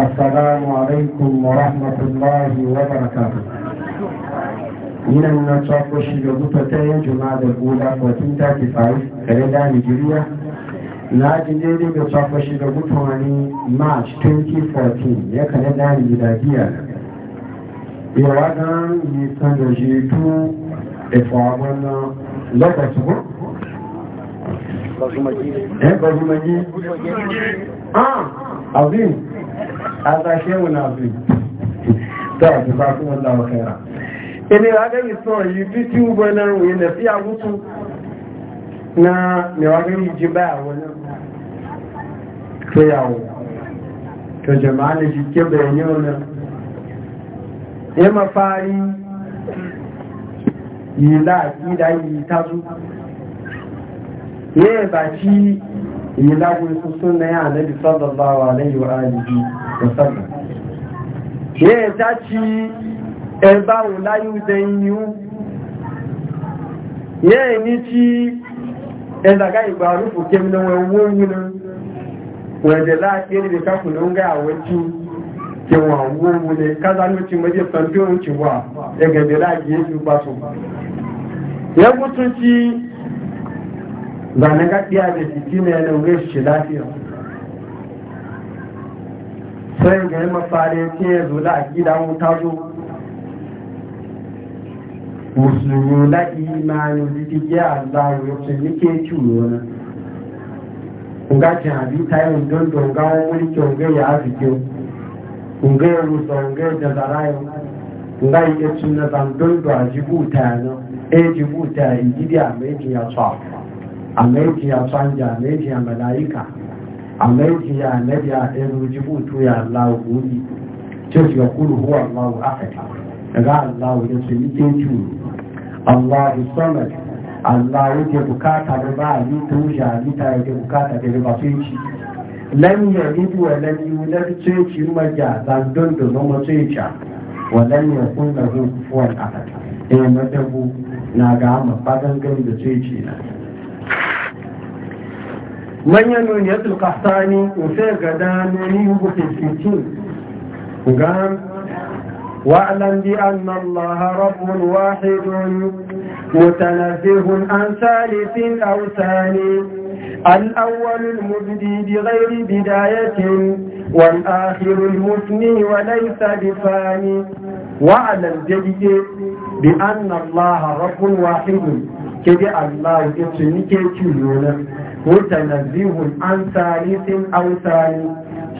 السلام عليكم ورحمة الله وبركاته yinan nan tsawo shi da buta ta yin juma'a da gula 1435 kare da nigeria na ji daidai da tsawo shi da buta wani march ya kare da ni da yi san tu da tsawon na ba azim hada wani azim ta ji ba kuma Allah khaira ene aga yi so yi bitu bana wi na fi mutu na me wa ga yi jiba wannan to yawo to jama'a ne shi ke bayani wannan ya mafari yi la yi da yi tazu ye ba ci yi lagun su suna ya annabi sallallahu alaihi wa alihi wa sallam ye ta ci e ba wo layu den yu ye ni ci e da ga igba ru fu kem no wo wu no wo de la ke ni ka ku no ga wo ci ke wa wo wu de ka za no ci ma je san do ci wa e ga de la ye ju ba so ye ku tun ci ba na gaɗiya da jiki ne ya lauye shi lafiya sai ga yi mafari ke ya zo da akida wuta zo musulmi na imanin jiki a zaru ya ce nike ciwo na ngajin abita yin don dongawa wani kyau ya azikiyo nga ya rusa nga ya jazarayo nga ya cin na zandon da jibuta na e jibuta yi gidi a mai jiya tsawa alaiki ya sanja alaiki ya malaika alaiki ya anabi ya erujibu tu ya allah gudi ce su yakulu huwa allah ahad daga allah ya su yi keju allah samad allah yake bukata da ba a yi ta wuce a yi ta yake bukata da ba su ci lam yalid wa lam yulad ce ci maja zandon da zama ce ci wa lam yakun lahu kufuwan ahad eh madabu na ga mafadan gani da ce na manyan nuniyatul kastani usai ga danoni hukukin cikin gan wa'alan bi anna allaha rabbun wahidun mutanazihun an salisin ausani الأول المبدي بغير بداية والآخر المثني وليس بفاني وعلى الجديد بأن الله رب واحد ji Allah ya ce ni ke kiyo na wata nazihun an tsari sin an tsari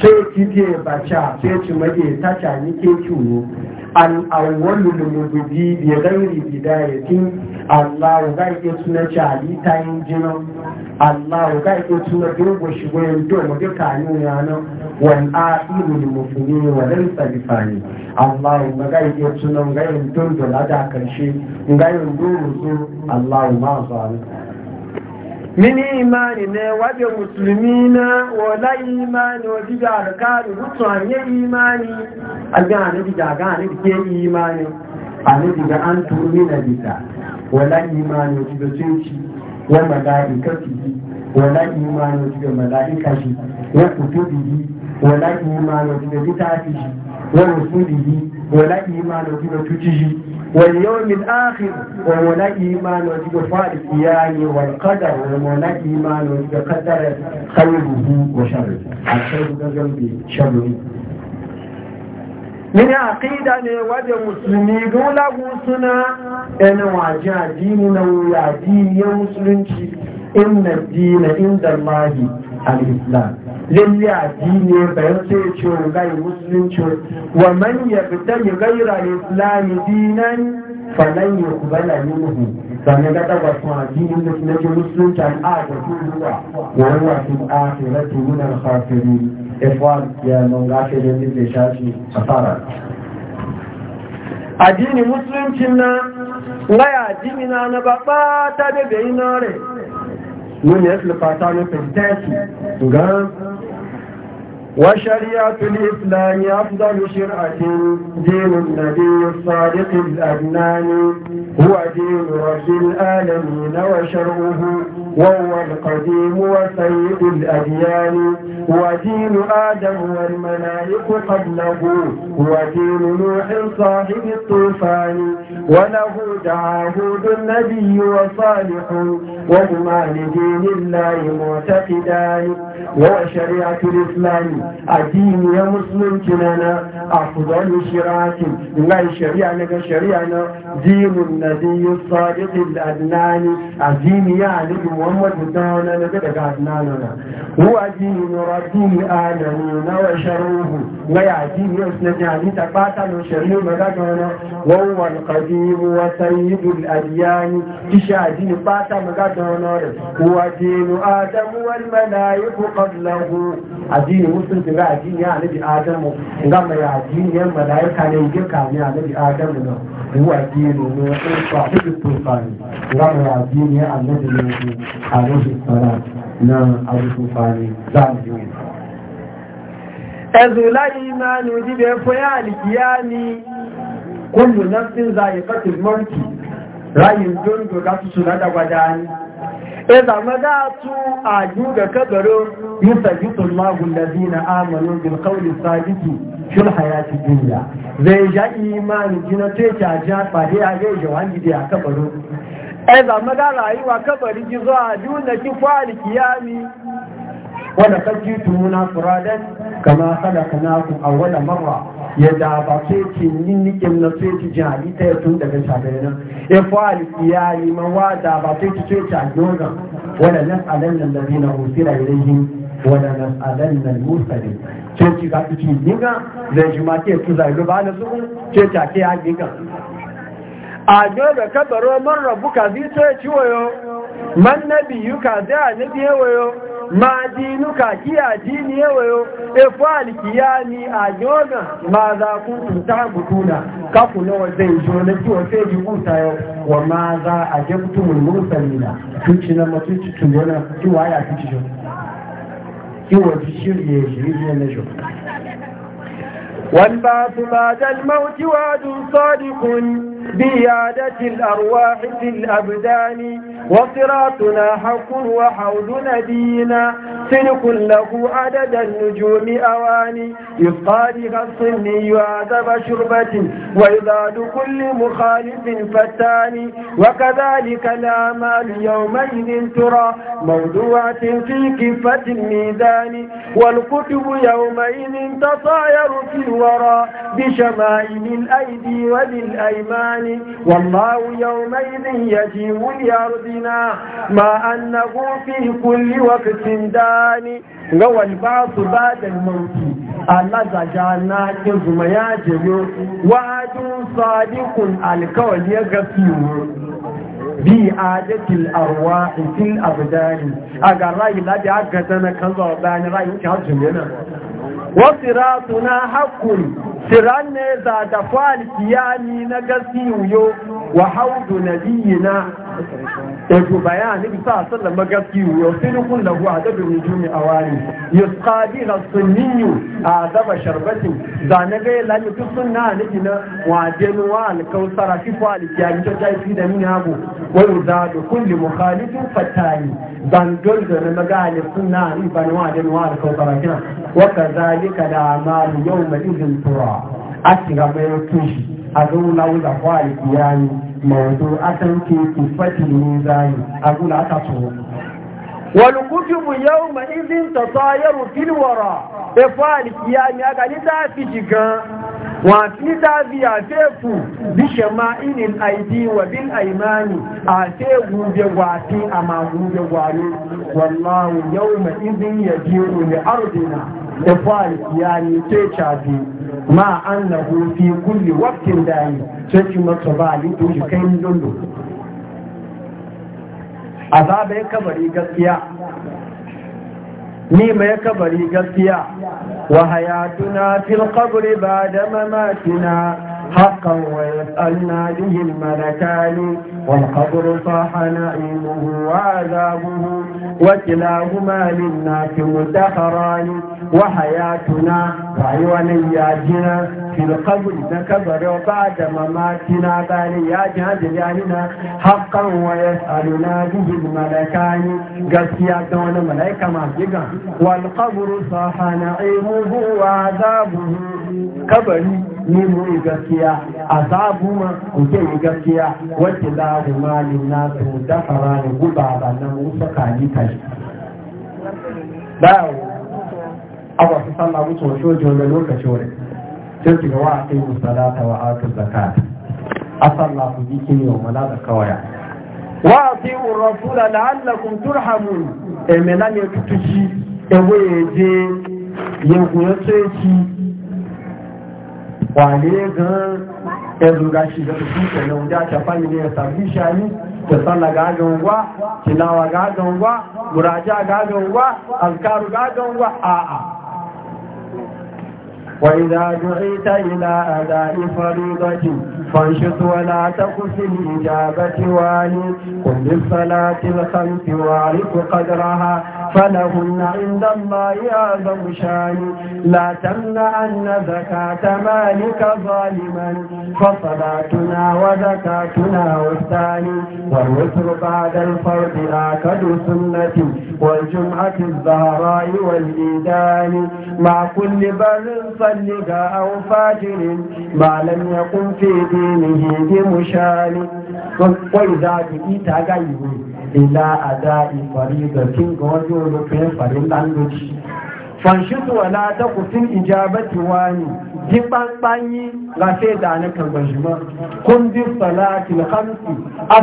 sai kike bacha sai ci mage tacha ni ke kiyo al'awwalu lumudubi bi ghairi bidayatin Allah ga ke suna chali tayin jinin Allah ga ke suna dogon shigo yin to mu duka ne yana wan a'iru lumufuni wa lan salifani Allah ga ke suna ga yin a da da karshe ga yin duru Allah ma zalim mini imani ne waje musulmi na wala imani wa jiga alkari mutu hanye imani aga ne diga aga ne dike imani a ne diga an tumi na bisa wala imani wa jiga tsinci wa mala'ika fiye wala imani wa jiga mala'ika shi wa kutubihi wala imani wa jiga litafi shi wa rasulihi wala imani wa jiga tuci shi واليوم الآخر ولا إيمان وجد فارس يعني والقدر ولا إيمان وجد قدر خيره وشره الخير كذنب شره من عقيدة نواد مسلمي دولا قوسنا أنا وعجا ديننا ويا دين يا مسلمين إن الدين عند الله al-islam lalle addini bayan ce gai musulunci wa man yabtaji ghayra al-islam dinan falan yuqbala minhu sannan ga daga sun addini da kuma ce musulunci an a da turuwa wa huwa fil akhirati min al-khasirin ifwan ya mun gafe da zai shashi asara addini musulunci na ngaya addini na na ba ta da bayanan rai Nous le le fata de fintaki وشريعة الإسلام أفضل شرعة دين النبي الصادق الأدنان هو دين رب العالمين وشرعه وهو القديم وسيد الأديان ودين آدم والملائك قبله هو دين نوح صاحب الطوفان وله دعاه النبي وصالح وهما لدين الله معتقدان وشريعة الإسلام addini ya musulunci na na afdalu shiratin ngai shari'a na ga shari'a na dinun nabiyyu sadiqil adnani addini ya alibi muhammadu dawana na ga daga adnani na huwa dinu rabbil alamin wa sharuhu ngai addini ya sunna jani ta bata no shari'a magana na wa huwa alqadim wa sayyidul adyan kisha addini bata magana na huwa dinu adam wal malaiku qablahu addini musulunci sun jira a jini ya anabi adamu ga mai a ya malaika ne ya kami anabi adamu na ruwa jini ne ya tsofa da tufani ga mai a ya anabi ne a rashin tsara na abu tufani za mu yi ẹ̀zùn láyé máa ní òjíbẹ̀ fún ni kúlù náà sí ń za ìfẹ́tìlmọ́ǹkì ráyìn tó ń gbogbo látútù ládàgbàdà ni إذا مدعت أعجوك كبر يسجد الله الذين آمنوا بالقول الثابت في الحياة الدنيا زي جاء إيمان جنة تجاجات فهي عليه جوان جديا كبر إذا مدعت أعجوك كبر يسجد الله الذين آمنوا بالقول الثابت ولقد جئتمونا فرادا كما خلقناكم أول مرة yadda ba sai ce yin nikin na sai ci jin halitta ya tun daga shafi nan ya fa'al iyali man wada ba sai ci sai ta yoga wala nas alanna allazina usira ilayhim wala nas alanna al-mursalin sai ci ga ci niga da juma ke ku zai ba na su sai ta ke ya giga a yoga kabaro man rabuka zai sai ciwo yo man nabiyuka a nabi yawayo ma dinuka kiya dini yawayo efu ni a yoga ma za ku ta butuna ka ku nawa zai jo na ki wa sai ji kuta yau wa ma za a jabtu mun mursalina tuci na tu yana ki wa ya ci jo ki wa ji shirye shirye na jo والبعث بعد الموت وعد صادق بإعادة الأرواح في الأبدان وصراطنا حق وحوض دينا سلك له عدد النجوم أواني يبقى بها الصني وعذب شربة وإضاد كل مخالف فتان وكذلك الأعمال يومئذ ترى موضوعة في كفة الميزان والكتب يومئذ تصاير في الورى بشمائل الأيدي وبالأيمان والله يومئذ يجيب الأرض أبصارنا ما أنه في كل وقت داني هو البعث بعد الموت الله زجانا كزما يجب وعد صادق الكون يغفيه bi adatil arwah fil abdan aga rai la bi aga tana kan zo ban rai ki hajji yana wa siratuna haqqun siran ne za da fal kiyami na gasiyo wa haudu nabiyina Ego bayan ni bisa sallan magaski yau silikun lahu a dabi rujumi a wani yusqadi na sunniyu a daba sharbatin zane ga yi lami tu sunna ni gina wajen wa alkausara fi ko alkiyami ta jai fi da min hagu wani zaɗu kulli mukhalifin fatani zan da na maga ali sunna ni ban wajen wa alkausara kina wa kazalika da amalu yau mai izin tura a shiga bayan tushi a zauna wuza ko alkiyami mawato akan ke kifati ne zai abin da aka so walkujin mu yau mai izin ta tsayarun filwara ta fali ya miyaga ni ta fi jigan wata ni ta fi ya tefu bishe ma'inin aidi wa bin aimani a tegu da gwati a magu da wallahu yau mai izin ya jiro ne ardina ta fali ya ni ke cajiyar ma annahu fi kulli waqtin da'i sai ki mata ba ni to shi kai dundu azaba ya kabari gaskiya ni mai kabari gaskiya wa hayatuna fil qabri ba'da mamatina حقا ويسألنا به الملكان والقبر صاح نعيمه وعذابه وكلاهما للناس مدخران وحياتنا وعيون ياجنا fil qabri da kabarin ba da mamaki na bani ya ji hajji yanina haƙƙan wa ya tsari na bihin malakani gaskiya ta wani malaika ma giga wal qabru sahana imuhu wa azabuhu kabari ni mu yi gaskiya azabu ma kuke yi gaskiya wacce za ku malin nasu da fara da guba ba na musa kaji kaji. Bayawo, abuwa su sallah musu wasu wajen lokaci wani. sai ki ga wa aqimu salata wa atu zakat asalla ku dikini wa malaka kawaya wa atiu rasula la'allakum turhamun e melani tutuci e weje yewu ya wale gan yanzu e ga shi da su ke nan da ta fani ne ya sabi shani ta sallah ga gangwa tilawa ga gangwa muraja ga gangwa azkaru ga gangwa a'a وإذا دعيت إلى أداء فريضة فانشط ولا تقف في الإجابة والي قل بالصلاة الخمس واعرف قدرها فلهن عند الله أعظم شان لا تمنعن زكاة مالك ظالما فصلاتنا وزكاتنا والثاني والوتر بعد الفرض آكد سنة والجمعة الزهراء والإيدان مع كل بر مبلغ أو فاجر ما لم يقم في دينه بمشان وإذا جئت غيره إلى أداء فريضة رجل في فريضة fanshitu wala ta kufin ijabati wani ji ɓanɓanyi ga sai da na kan bashima kun bi salatin hamsi a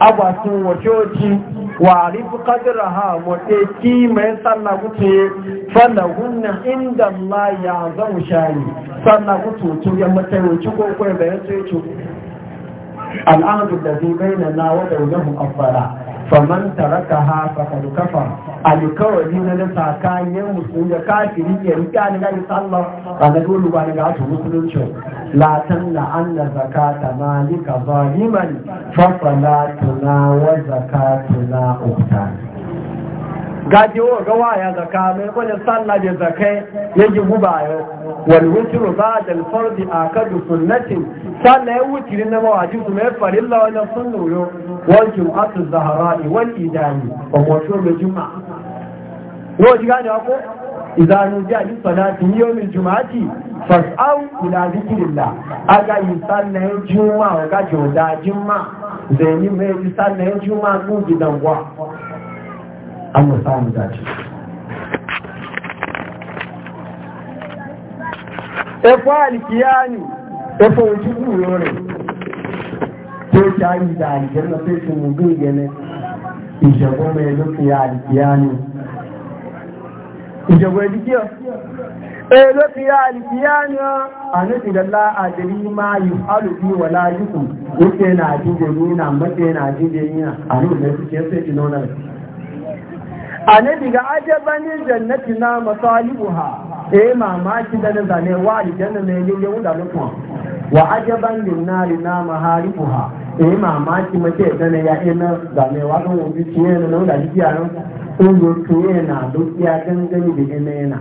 agwasin wajoji wa rufi kadira ha wace ki mai sannan wuce fanda hunna inda ma ya zan shani sannan wuce tu ya mataiwaci ko kwaya bayan sai cu al'adu da zai bayyana na wadda wajen mu faman taraka ha faqad kafar alkawari na na sakayen musulmi da kafiri ya rika ni gani sallar ranar dole ba ni gasu musulunci la tanna anna zakata malika zaliman fa salatuna wa zakatuna uqtan wa ga waya zaka mai wani sallah da zaka ya ji gubayo wani wutru ba da fardi Kadu sunnatin sallah ya wutri na mawaji su mai farilla wannan sun yo wal jum'atu zahra'i wal idani a kwanso mai jum'a wo ji gane ko idan mun ji ali salati yawmin jum'ati fas'au ila zikirilla aga yi sallah ya jum'a ga joda jum'a zai yi mai sallah ya jum'a ku gidan Allah ya samu dace ẹ̀fọ́ àlìkíyáni ẹ̀fọ́ ojú kúrò da tó jáyì ìdá àìjẹ́nà tó ṣe mú bí ìgẹ̀lẹ̀ ìjọba ọmọ ẹ̀lú fi àlìkíyáni ìjọba ẹ̀díkíọ̀ ẹ̀lú fi àlìkíyáni ọ́ àníkìdàlá àdèrí máa yù alùbí wà láyùkù ó tẹ́ na àjíjẹ̀ yìí nà mọ́tẹ́ nà àjíjẹ̀ yìí nà àníkìdàlá annabi ga ajabanin jannati na masalibuha eh mamaki da da zane wa aljanna ne ne yau da lokwa wa ajaban lin nari na maharibuha eh mamaki mace da ne ya ina e, zane wa don wuce ne nan da jiya nan ko yo tuye na dukiya gangan da ne yana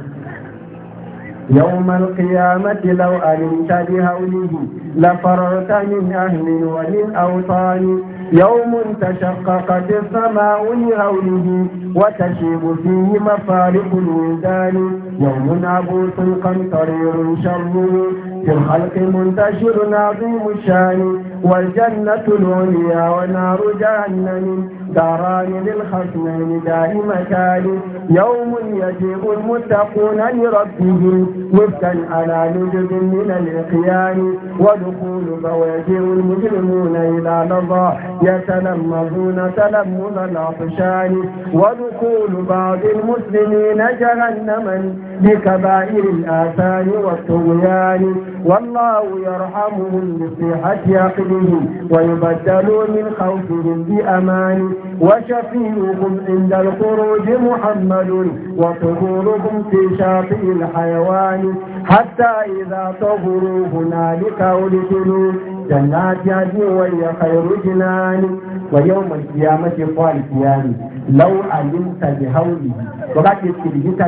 يوم القيامة لو ألمت بهوله لفررت من أهل ومن أوطان يوم تشققت السماء لهوله وتشيب فيه مفارق الولدان يوم عبوس قمطرير شره في الخلق منتشر عظيم الشان والجنة العليا ونار جهنم داران للخصمين دائمتان يوم يجيب المتقون لربهم وفدا على نجد من الإقيان ودخول فويجير المجرمون إلى لظى يتلمذون تلمذ العطشان ودخول بعض المسلمين جهنما بكبائر الآثام والطغيان والله يرحمهم بصيحة عقلهم ويبدلوا من خوفهم بأمان وشفيعهم عند الخروج محمد وطهوركم في شاطئ الحيوان حتى إذا طهروا هنالك أدخلوا جنات يدي وهي خير جنان ويوم القيامة فالقيام لو علمت بهوله وقد تلجت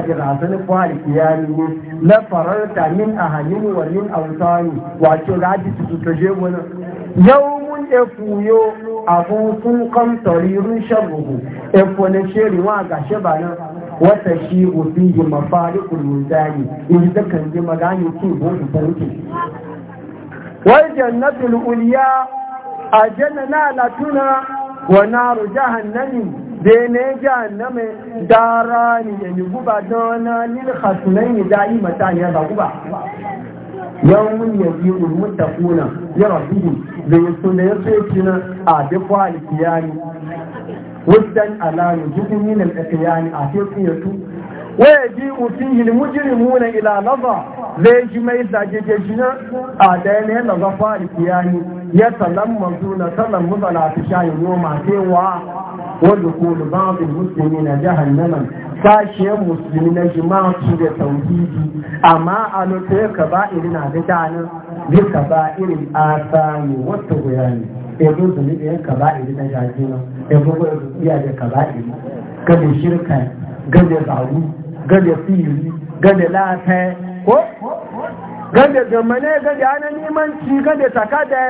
قال كياني لفررت من أهل ومن أوطان وأتوا راجل تتجيبنا yawmun efuyo abun sun kamtarirun shabuhu efuwanin shiriwa ga shabanin wata shi ofin yi mafari kulmuzari in da kan yi magani ce gobe sarki wai jannatul uliya a jannana latuna wa naru jahannami da ne jahannami dara ni ya yi guba don lil hasunai ne da'i mata ne ba guba yawon yabiru kuna, ya rabbihi da yaso da yaso yake na a dafa alkiyani wajen alamu jikin yin alkiyani a teku ya tu waya ji ufihi almujrimuna ila laza zai ji mai zage jina a daya ne laza fa alkiyani ya talamma zuna talamma zala fi shayin goma sai wa ودخول بعض المسلمين جهنما sashen musulmi na jima'a da tauhidi amma a lokacin ka ba irin na da tanin duka ba irin asani wata guya ne ebo zuni da yanka ba irin na jaji na ebo guya iya da ka ba irin gada shirka gada zaru gada siri gada lata ko gada zamane gada ana nemanci gada takada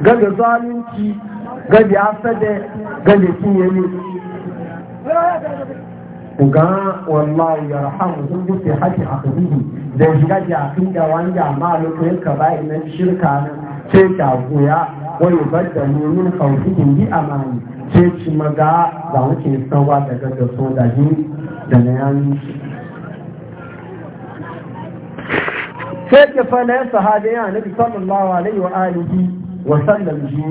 gada zalunci gada asada gane shi ya yi ga wallahi ya rahamu sun gufe haki a kabihi da shiga jafin da wanda ma lokacin ka bayi na shirka nan ce ta goya wani bada nemin kausikin a mani, ce ci maza. za wuce sanwa daga da so da yi da na yanzu sai ke fa na sahabi ya nabi sallallahu alaihi wa alihi wa sallam ji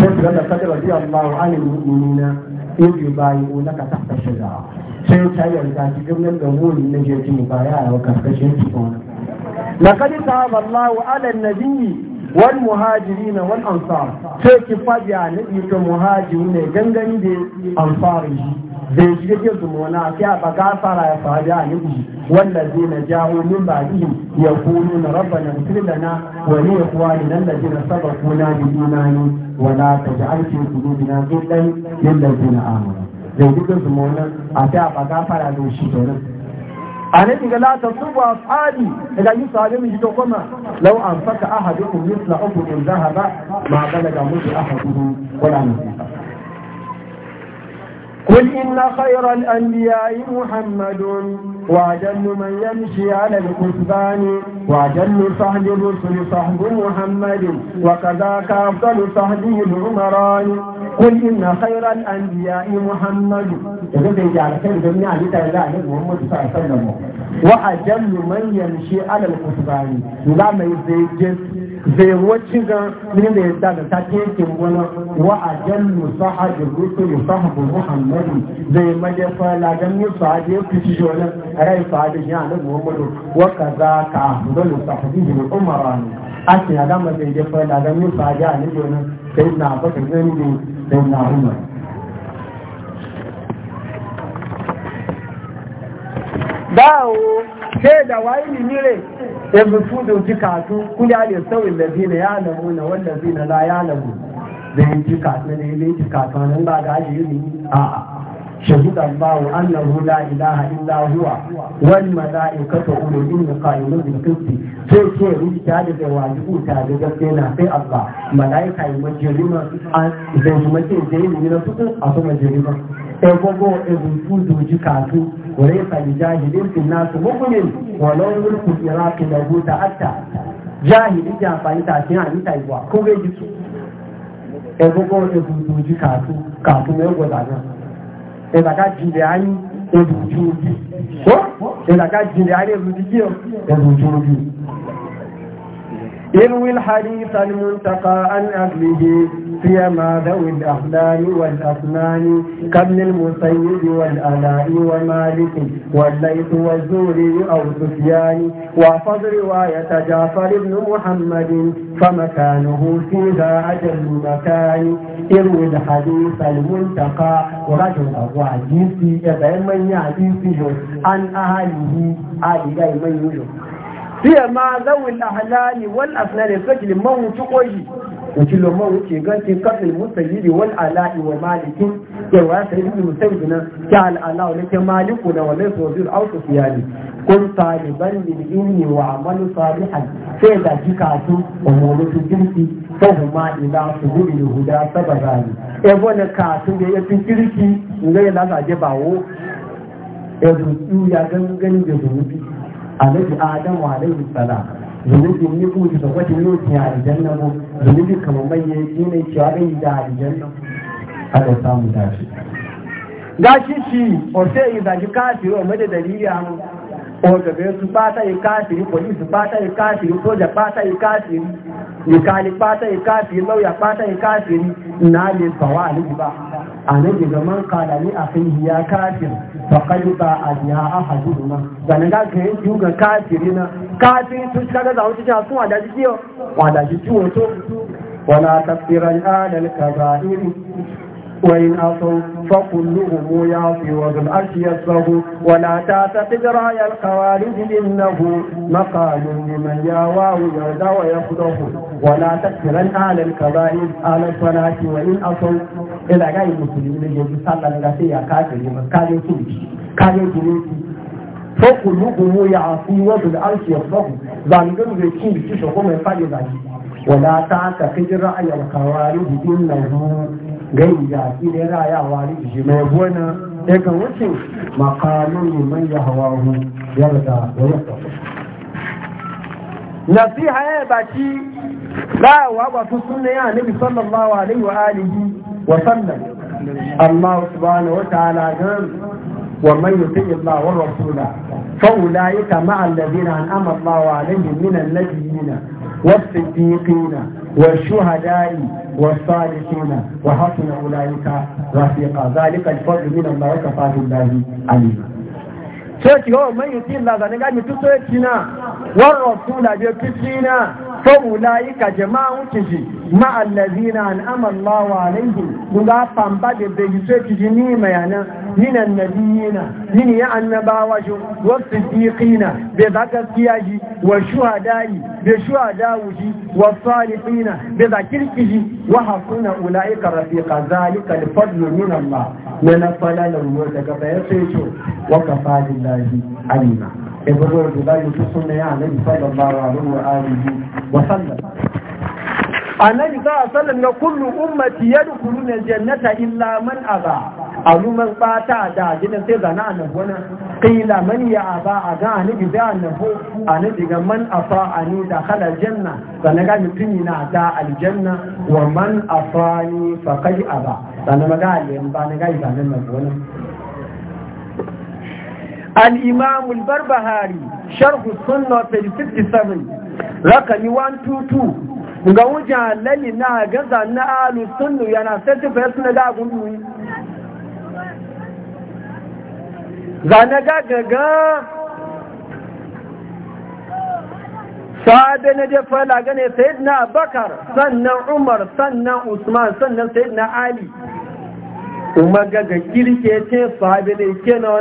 شيخ لما قد رضي الله عن المؤمنين إذ يبايعونك تحت الشجرة شيخ هيا إذا تجمنا الأمور من جيت مبايعة لقد تاب الله على النبي والمهاجرين والأنصار شيخ فاجع نبيك مهاجرين جنجن بأنصاره zai shiga jin zumuna sai a baga fara ya faru a nufi wallazi na jawo min baki ya kunu na ولا تجعل في قلوبنا غلا للذين امنوا لو دغه زمونه اته هغه فارا له شي ترن انا دي لا تصبوا افعالي اذا يسعى لهم يجدوا كما لو انفق احدكم مثل احد ذهب ما بلغ مد احده ولا نفقه قل ان خير الانبياء محمد وجل من يمشي على الكتبان وجل صحب الرسل صحب محمد وكذاك أفضل صحبه العمران قل إن خير الأنبياء محمد يقول وأجل من يمشي على الكتبان لا ما يزيد zai wacce ga mini da yadda da ta keke wani wa a wa'ajen musaha da rufe sahabu muhammadu zai majefa lagan musa da ya fi shi wani rai sahabi ya na muhammadu wa kaza ka dole sahabi ne umara ne a ce ya gama zai je fa da ga mu sahabi a ne gonan sai na ba ka gani ne sai na umar dawo sai da wayi ne re yanzu su da ji kasu kuli ya ne sauyin da zina ya lamu na wanda zina la ya lamu zai ji kasu ne zai ji kasu nan ba ga shi ne a'a شهد الله أنه لا إله إلا هو والملائكة أولو العلم قائمون بالقسط sai ce ruki ta da wajibu ta da gaske na sai Allah malaika yi majalima da su mace da yi na su a su majalima sai gogo rubutu doji kasu wani sani jahilin finna su mukunin walau mulkul iraki da huta hatta jahilin jafani ta ce a yi taiwa ko bai ji su sai gogo rubutu doji kasu kasu mai gwada nan ẹ̀dàká jìnlẹ̀ ayé ẹ̀rù ojú يروي الحديث المنتقى عن أهله فيما ذوي الأحلام والأسنان كابن المسيب والألاء ومالك والليث والزوري أو سفيان وحفظ رواية جعفر بن محمد فمكانه فيها أجل مكان يروي الحديث المنتقى ورجل أبو عزيزي يبين من يعزيزي عن أهله أهل من يجب Jiya ma zawil ahlani wal asnani saki liman wuce koyi wuce liman wuce ganci kafin musallili wal ala'i wa malikin ya wa sai ibn musayyid gina ya al ala'u ne maliku na wala sawzir aw sufyani kun taliban lil ilmi wa amalu salihan sai da jikatu wa mulutu jirki fa huma ila da huda sabazani e bona katu da ya fi kirki ngai la ga je bawo e du ya gangan da zubi alhaji adam wa alaihi salam zunubi ni ku ji da wata yoti a aljanna mu zunubi kamar mai ya yi ne cewa bai da aljanna Allah samu tashi gashi shi o sai ya zaji kafiro mai da dalili a mu ọ̀dọ̀bẹ̀ su pátá yi pọ̀lísì pátá ìkáàkiri sójà pátá ìkáàkiri ìkàlì pátá ìkáàkiri lọ́wọ́yà pátá ìkáàkiri náà ba bàwà àlejìbá àlejìbá máa ń kààdà ní àfihàn ya káàkiri bàkálíbà àdìyà àhàdùn náà gbànàgà kìí ju ga káàkiri náà sun tún ti kágàdà àwọn títí àtún àdájú tí ó wàdájú tí wọ́n tó wọ́n وإن أصوا فكلهم يعطي وذل العرش يصفه ولا تعتقد رأي القوالد إنه مقال لمن يواه يرد ويخضه ولا تكفرن على الكبائر على الصلاة وإن أصوا إلى غير المسلمين يجب صلى الله عليه وسلم كاجل كيمشي كاجل كيمشي فكلهم يعصي وذو العرش يصفه زانجل بكيمشي شكو من فاجل ولا تعتقد رأي القوالد إنه gani da aki ne rayawa ne shi mai buwana kan wuce makamun man ya hawa hu yarda wa yarda nasiha ya baki rayawa ba su sunna ya nabi sallallahu alaihi wa alihi wa sallam Allah subhanahu wa ta'ala gan wa man yuti Allah wa rasula fa ulaika ma'a alladhina an'ama Allah alaihim min an-nabiyyin was-siddiqin والشهداء والصالحين وحسن أولئك رفيقا ذلك الفضل من الله وكفى بالله عليما sai wa oh, man yuti Allah zane ga mi tuso yaci na war rasula bi tusi na fa ulaika jama'u ji ma allazina an'ama Allahu alaihim mun ga famba da be yi sai kiji ni mayana min annabiyina min ya annabawa ju wa siddiqina be zaka kiyaji wa shuhadai be shuhadau ji wa salihina be zakirki ji wa hasuna ulaika rafiqa zalika al-fadlu min Allah lana fala lahu wa takabayyatu wa kafa الله عليما يقول الرباي يتصلنا يعني صلى الله عليه وآله وسلم annabi sa sallam na kullu ummati yadkhuluna jannata illa man aba aluman bata da gidan sai zana annabi wana qila man ya aba aga annabi da annabi annabi ga man afa ani da khala janna sanan ga mutumi na da aljanna wa man afani faqad aba sanan ga a ba ne ga nan الإمام البربهاري شرح السنة 67 رقم 122 ga wujen lalli na gaza na alu sunnu yana sai fa suna da gundu zane ga gaga sa'ada na jefa lagane sayid na bakar sannan umar sannan usman sannan sayid na ali umar gaga kirke ce sa'ada ne ke na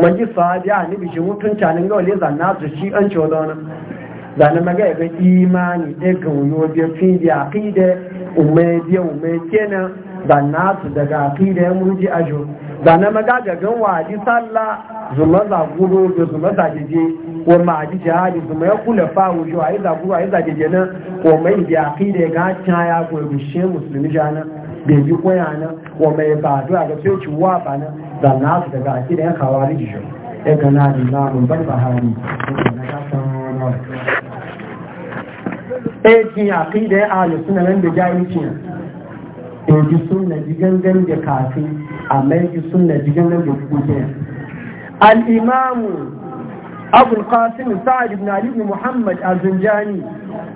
wani sahabi a ni bishin mutunci nan ga wale zanna su shi an ciwo da wani zane maga ya ga imani ɗaya ga wani wajen fi da aƙida umar biya umar kena, zanna su daga aƙida ya murji ajo zane maga ga gan wadi sallah zuma zaguro da zuma zajeje wa ma'aji jihadi zuma ya kula fa wujo a yi zaguro a yi zajeje nan wa mai da aƙida ya ga caya ko ya mushe musulmi jana. Bai yi koya nan wa mai ba duwa ga sai ciwa ba nan da na su daga ake da yan kawari jiyo ya gana da namun bar ba hari ɗaya eh, ya kai da ya ahalu suna nan da jahilcin in eh, ji sunna jigangan da kafin a mai ji sunna jigangan da kuke al'imamu أبو القاسم سعد بن علي بن محمد الزنجاني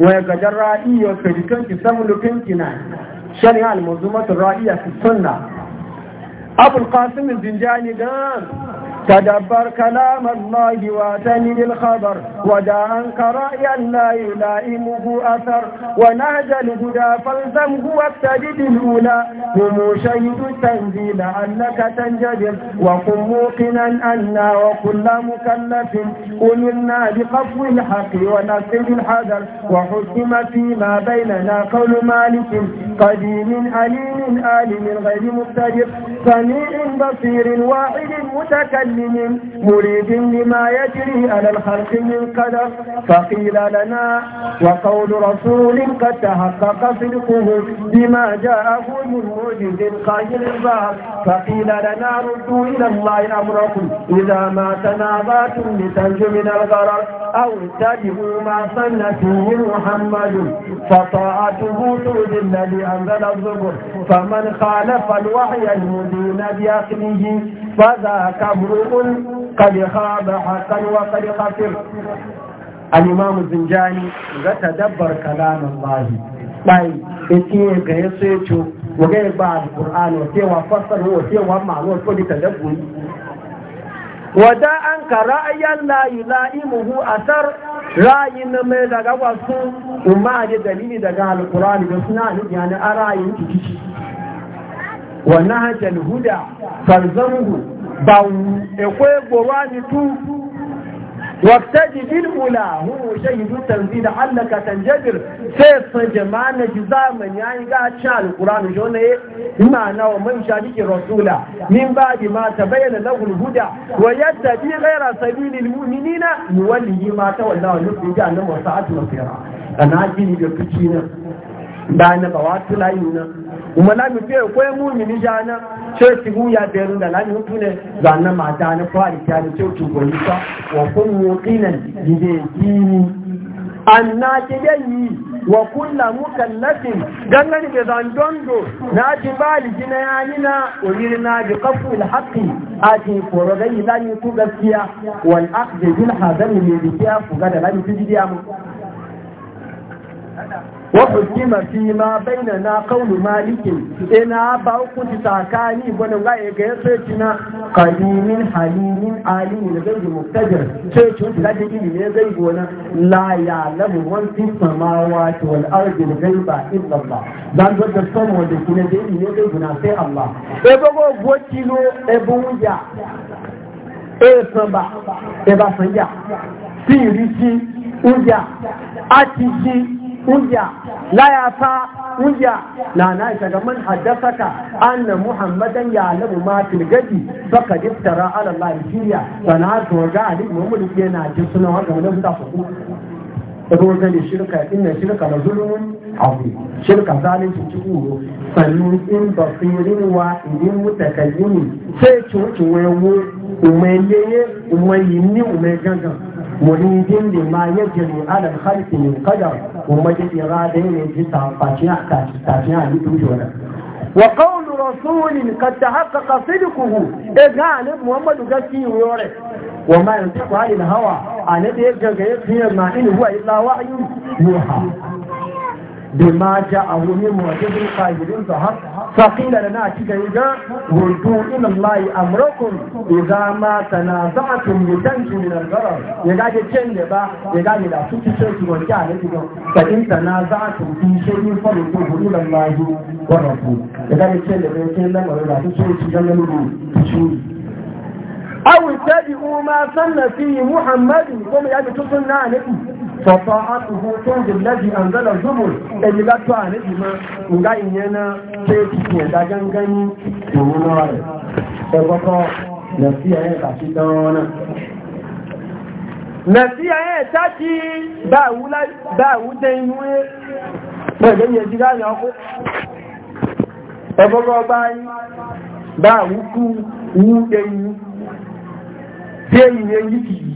ويقدر رأيه في 27 29 شريعة المنظومات الرائية في السنة أبو القاسم الزنجاني قال تدبر كلام الله واتني الخبر ودع عنك رأيا لا يلائمه أثر ونهج الهدى فالزمه واقتدي بالأولى هم شهد التنزيل أنك تنجبر وقم موقنا أنا وكل مكلف قلنا بخفو الحق ونفس الحذر وحكم فيما بيننا قول مالك قديم أليم آل من غير مبتدر سميع بصير واحد متكلم مؤمن مريد لما يجري على الخلق من قدر فقيل لنا وقول رسول قد تحقق صدقه بما جاءه من موجز قاهر الباب فقيل لنا ردوا إلى الله أمركم إذا ما تنابات لتنج من الغرر أو اتبعوا ما صلى فيه محمد فطاعته تؤذي الذي أنزل الزبر فمن خالف الوحي المدين بأخذه فذاك أمر فاسق قد خاب حقا وقد خسر الإمام الزنجاني تدبر كلام الله bai yake ga ya so ya ce wa ga ba alquran wa ce wa fasar wa ce wa ma'lum ko da wada an ka ra'ayan la yulaimuhu asar ra'ayi na mai daga wasu umma da dalili daga da suna ne yani a ra'ayin wa nahjal huda farzamuhu باو اخوه بواني تو واقتدي بالأولى هو شهد التنزيل علك تنجبر سيف جمعنا جزاما يعني قاعد شاء القرآن جون ايه معنى ومن شاهدك رسولا من بعد ما تبين له الهدى ويتبع غير سبيل المؤمنين يولي ما تولى ونفي جهنم وساعة مصيرا أنا عجيني بكتشينا Da na ba wata layu na kuma lami fiye kwaye mu mini jana ce ki buya ya yarin da lami hutu ne ba na mata na fari ta da cewa tugoni ta wa kun muqinan gide gini an na kide yi wa kulla mukallafin dangane da zandondo na ji bali gina yayi na oriri na ji kafu alhaqi a ti koro gani lami ku gaskiya wal aqdi bil hadami ne biya fuga da lami tu jidiya mu وحكم فيما بيننا قول مالك إنا باوكت تاكاني ونغا يغير سيتنا قديم حليم عالم غير مقتدر سيتنا تلاجئ إلي غير ونا لا يعلم من في السماوات والأرض الغيب إلا الله ذان ذات السماء ودكنا دي إلي غير ونا سي الله إبغو بوتيلو إبويا إبغو إبغو سنجا سيريتي Oúnjẹ àti jí hujja la ya fa hujja na na ga man haddasaka anna muhammadan ya alamu ma fil gadi faqad iftara ala allah kiriya sana to ga ali muhammad yana ji suna haka game da mutaka ku ko ga ne shirka inna shirka la zulmun azim shirka zalunci cikin sannu in basirin wa idin mutakallimi sai cucu wayo umeleye umeyini umegangan مريد لما يجري على الخلق من قدر ومجد إرادة يجري تاشيان يتوجونا وقول رسول قد تحقق صدقه إذن محمد قسي ويوري وما ينطق عن الهوى عن ذلك يقول ما إن هو إلا وحي يوحى بما جاء جاءه من معجز قائل فقيل لنا كذا ردوا الى الله امركم اذا ما تنازعتم لتنجوا من الغرر يقال يتشن با يقال لا تشن ترجع لكم فان تنازعتم في شيء فردوه الى الله والرسول يقال يتشن با يتشن لما لا تشن تجن لكم أو اتبعوا ما سن في محمد ومن يجب تصنع نبي فطاعته تنزل الذي أنزل الزبر اللي لا تعرف ما وقاين ينا تيتي يدا جنجني ومنار فبقى نسيها يتعشي دانا نسيها يتعشي باولا باولا ينوي pẹ̀lú yẹjí láàrin ọkọ́ ẹgbọ́gbọ́ báyí báwú kú wú ẹyí tí èyí èyí kìí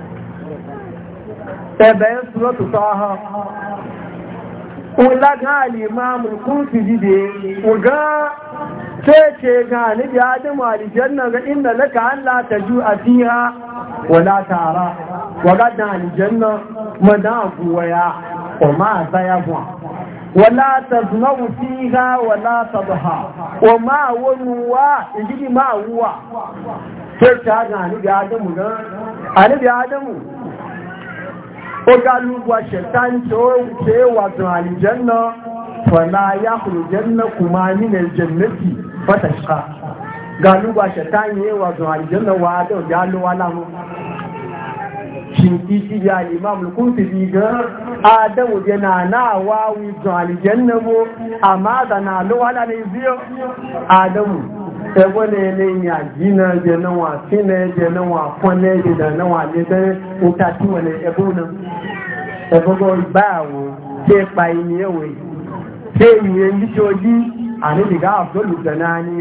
ẹ̀bẹ̀ ń súnmọ́ tó tọ́ ha wula ga limamu kurfi jide wuga ce ga nabi adamu aljanna ga inna laka an la taju a fiha wala tara waga da aljanna madan buwaya o ma wala taznawu fiha wala tadha o ma wuwa inji ma wuwa ce ga nabi adamu adamu ogalubuwa shaitan ce wato aljanna fala ya kuru janna kuma min aljannati fatashqa galubuwa shaitan ye wato aljanna wa da galuwa láwọn shin sí ya imam ti qurtubi ga adamu yana na náà to aljanna mo amma da na lawala ne ziyo adamu ẹgbẹ́ náà ilé ní àjí náà jẹ náà wà sí náà jẹ náà wà pọ́n náà jẹ náà wà lé tẹ́lẹ̀ òkè àti wọn ẹgbẹ́ náà ẹgbẹ́ bá àwọn tí ẹ pa ìní ẹ̀wẹ̀ tí èyí ní tí ó yí àní ìgbà àfẹ́lùfẹ́ náà ní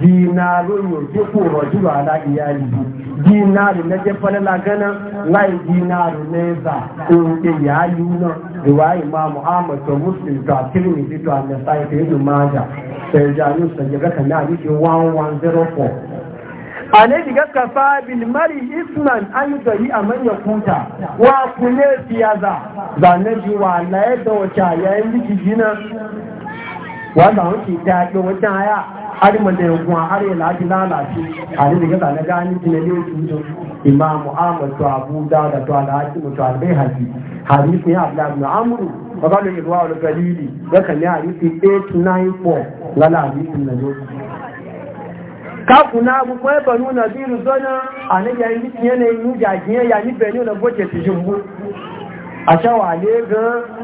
rí dínàrò yóò tí kò rọ̀jú aláìyá ìlú dínàrò lẹ́jẹ́ fẹ́lẹ́lá gánà láì dínàrò lẹ́ẹ̀zà ohun èyà ayú náà ìwà ìmáàmù àmọ̀tọ̀ muslim tó àkírí nìbí tó àmẹ́sà ìfẹ́ ìlú máàjà sẹ̀rẹ̀jà ní sẹ̀jẹ̀ bẹ́kẹ̀ náà ní ti 1104 àní ìgbà kàfà bilmari isman ayúdọ̀yí àmọ́yẹ̀ kúta wà kúlé fiyaza zànẹ́bí wà láyé dọ̀ọ̀chà yẹ́ wanda an ke ta yaƙi wajen haya har da yankuwa har yi lafi lalace a da daga zane gani jina ne su imamu ahmad to abu da da to da hakimu to albai haji hadisi ne abu da abu amuru ba ba da ruwa wani galili ya kan yi hadisi 894 lala hadisin na zo kakuna agbukwo ebe nuna biru zona a na yayin bikin yanayin yi jagiye yayin benin na boke su jimbu a shawa ne gan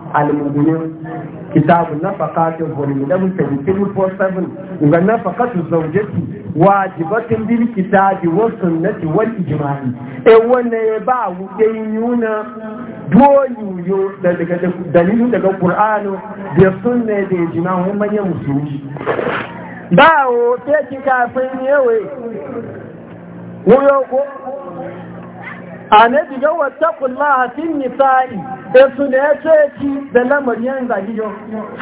al-mu'minin kitabun nafaqatin volume 11:37 ga nafaqatu zawjati wajibatun bil kitabi was sunnati wal ijma'i e wanne ba wuce yuna dole yo daga dalilin daga qur'ani da sunna da ijma'u manyan musulmi bawo sai kika fanye we wuyo ko a na diga wata kula a fin nisa'i da su da ya ce ki da lamarin yan zagijo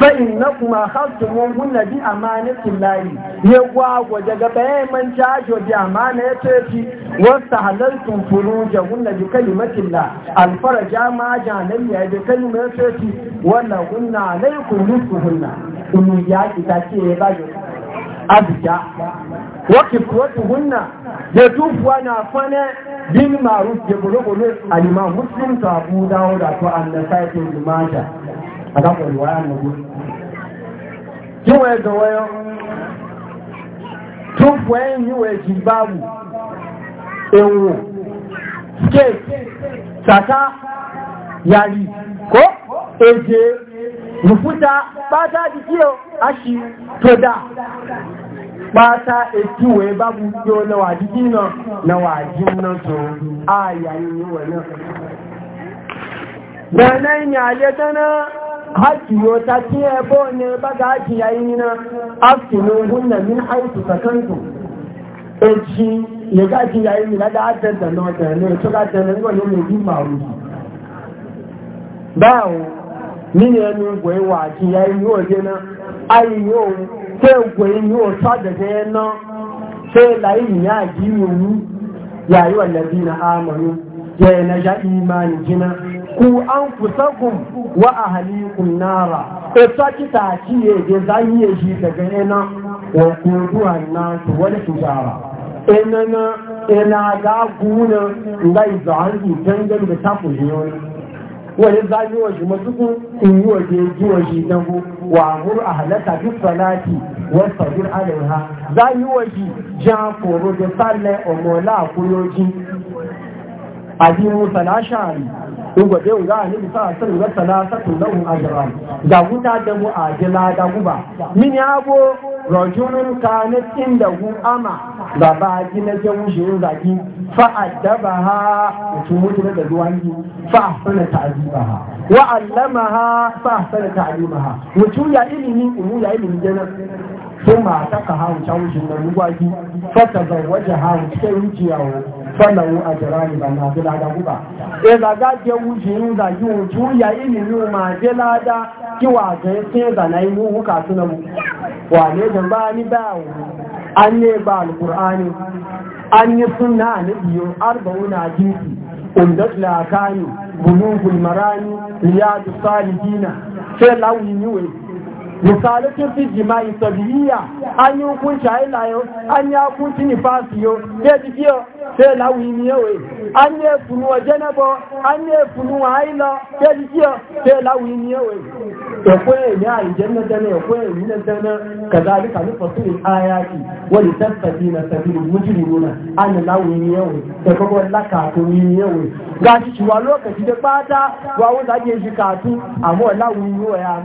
fa'in na kuma hasu mun gunna bi amanatin layi ya gwagwa daga bayan man jajo bi amana ya ce ki wasta halartun furu da gunna bi kalimatin la alfaraja ma janan ya bi kalimar ya ce ki wala gunna alaikun nufu hunna in ya ki ta ce ya bayo abuja wakil kuwa tuhunna da tufuwa na fane bin maruf ya bulu-bulu alima muslim ta abu dawo da to an da saitin jimata a kan kwalwaya na gudu kiwaye ga wayan tun kwayan yi wa jibabu ewu skate saka yari ko eje rufuta ba ta jikiyo ashi to da bata eti wee babu yo na waji na na waji na to aya ni wani da nan ya le tana haki yo ta ti ebo ne baga haki ya yi na afkinu hunna min haitu sakantu eji ya gaji ya yi na da adar da na da ne to ga da ne ko ne ne bi maru bawo ni ne ni gwe waji ya yi yo je na ayi yo kwe nkwe ni o sa da se la ya ji mu ni ya yi wala bi na amanu ya na ja imani jina ku an kusakum wa ahlikum nara e sa ki ta ki ye ge za yi ye ji da ge na wa ku du an na su wala su jara enana ina ga guna ngai za an wani zaɓi wa shi matukun in yi waje ji wa shi ku wa mur a halatta duk salati wa sabir alaiha zaɓi wa shi jan koro da sallai omola kuyoji abi musa na shari in gwaje ga annabi sa sun ga salasatu lahum ajran da guda da mu ajila da guba min yabo rajulun kanat inda hu ama da ba ji na je mushin zaki fa addabaha mutum mutum da duwan ji fa ahsana ta'dibaha wa allamaha fa ahsana ta'limaha mutum ya ilimi mu ya ilimi jannah sai mata ka hawo ta wucin da rugwagi fata ga waje hawo cikin rujiyawo falawo a jirani ba na bi lada guba e za ga je wuce yin yi wuce ya ma je kiwa ga ya sai za na yi muhu ka suna mu wane da ba ni ba an ne ba alkur'ani an yi suna na biyu arba'una jinsi umdat lakani bulugul marani riyadu sai misalatun fi jima'i tabi'iyya an yi hukunci a ilayo an yi hukunci nifasiyo sai jikiyo sai lawi ni yawai an yi funuwa jenebo an yi ilo haila sai jikiyo sai lawi ni yawai ya kwaye ni a ijanna dana ya kwaye ni na dana ka zalika nufa su ne ayaki wani tattabi na sabirin mujiri nuna an lawi ni yawai da kuma laka to ni yawai ga shi ciwa lokaci da bata wa wanda ake shi katu amma lawi ni yawai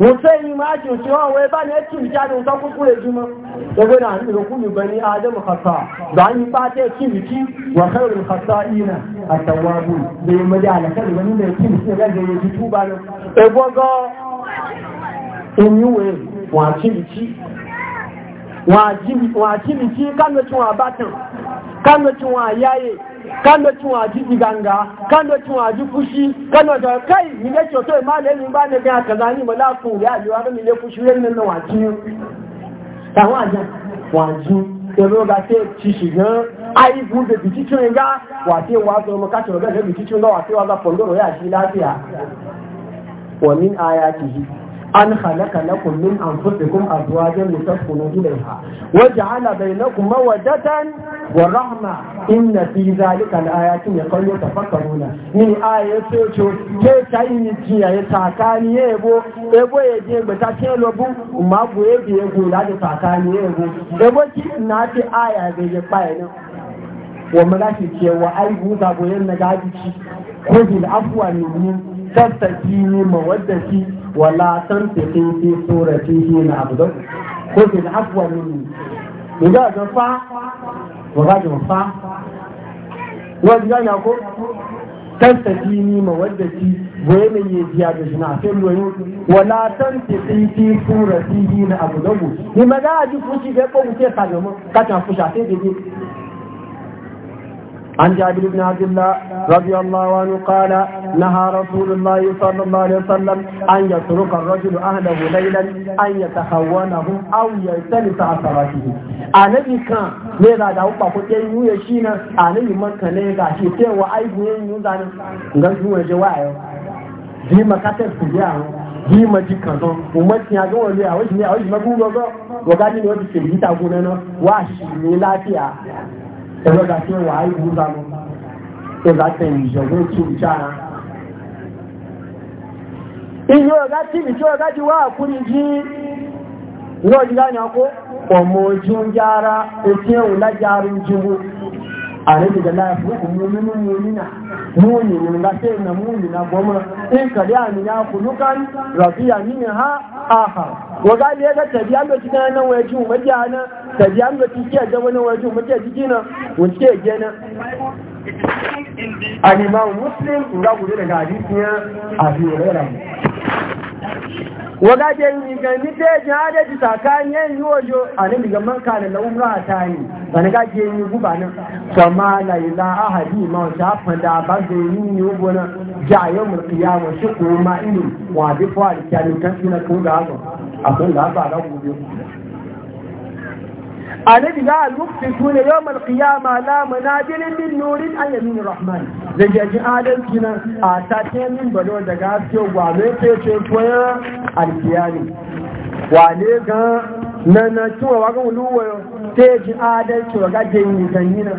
musayi ma ake cewa wai ba ne cin jarin kan kuku ya juma da gwada hannu da kuma bani adamu khasa da an yi fata ya cin biki wa khairul khasa'ina a tawabu da yi maji alakar wani da ya cin biki da ya tuba ne e yi wai wa cin biki wa kan da cin wa batan kan da cin wa yaye kando tí wọ́n àjí ti ganga kando tí wọ́n àjí fúṣí kando tí wọ́n káì nílé tí ó tó ìmá lè ní bá ní bí àkàzá ní ìmọ̀lá fún ìwé àríwá rẹ̀ nílé fúṣí rẹ̀ nínú wọ́n àjí àwọn àjá an halaka lakum min anfusikum azwajan litaskunu ilayha wa ja'ala bainakum mawaddatan wa rahma inna fi zalika alayatin liqawmin yatafakkaruna ni aya ce ce ke tayi ji ya takani yebo ebo ye je gbe ta tin lo bu ma bu e bi la de takani yebo ebo ki na ti aya be je pa ina wa malaki ke wa ai bu da go yen na gaji ci ko afwa ma tastakini mawaddati wala tantiqi fi suratihi na abdu ko fi afwa min mu ga ga fa wa ga ga fa wa ga ya ko tantafi ni ma wadda ci goye mai yi biya da shi na sai ruwan wala na ma ka عن جابر بن عبد الله رضي الله عنه قال نهى رسول الله صلى الله عليه وسلم أن يترك الرجل أهله ليلا أن يتخونه أو يلتمس عثراته الذي كان لذا دعوة فتين يشينا عليه من كان لذا شيئا وعيد ينزل نجم جوائه دي مكاتب سجاه دي مجيكا ومتني أقول لي أوش لي أعوش مقول وقال لي أوش في الهيتا قولنا واش ميلاتيا ẹlọ́dà tí wàá ìlú sanu tó bá tẹ ìjọba tí ò jára. Iye ọ̀gá tí mi tí ọ̀gá wá àkúrí ní ọ̀dí láyìn akó, ọmọ ojú ń jára, òfin ẹ̀wọ̀n lájára àrẹ́bì dẹ̀lá fúnkùnmú nínú múnínà múnì ní lásẹ̀ ìnà múnì na gọmọ ìkàrí àmìyà kùnúkan rọ̀bíyà nínú ha aha wọ́gá ilé ẹgbẹ́ tẹ̀bí àgbẹ̀tí náà náà wọ́n ẹjú mẹ́jì àná tẹ̀bí àgbẹ̀tí kí ẹjọ́ wọ́n náà wọ́n ẹjú mẹ́jì ẹjú jìnà muslim waga je yi ga ni te jihada ji sakan yen yojo ani mi ga man ka da umra ta yi bana ga je yi guba nan kama la ila ahadi ma sha fanda ba ga yi ni yobo na ja yawmul qiyamah shi ko ma ini wa bi fa kan kan na ko da haka akon da ba gobe annabi za a lukfi su ne yau malkiya mala munajirin bin nurin an rahman da gaji adalci nan a tafiyan min balo daga haske gwazo ya ce ce koyar alkiyari wane gan na na cewa wa gan luwa te ji yi zanyi na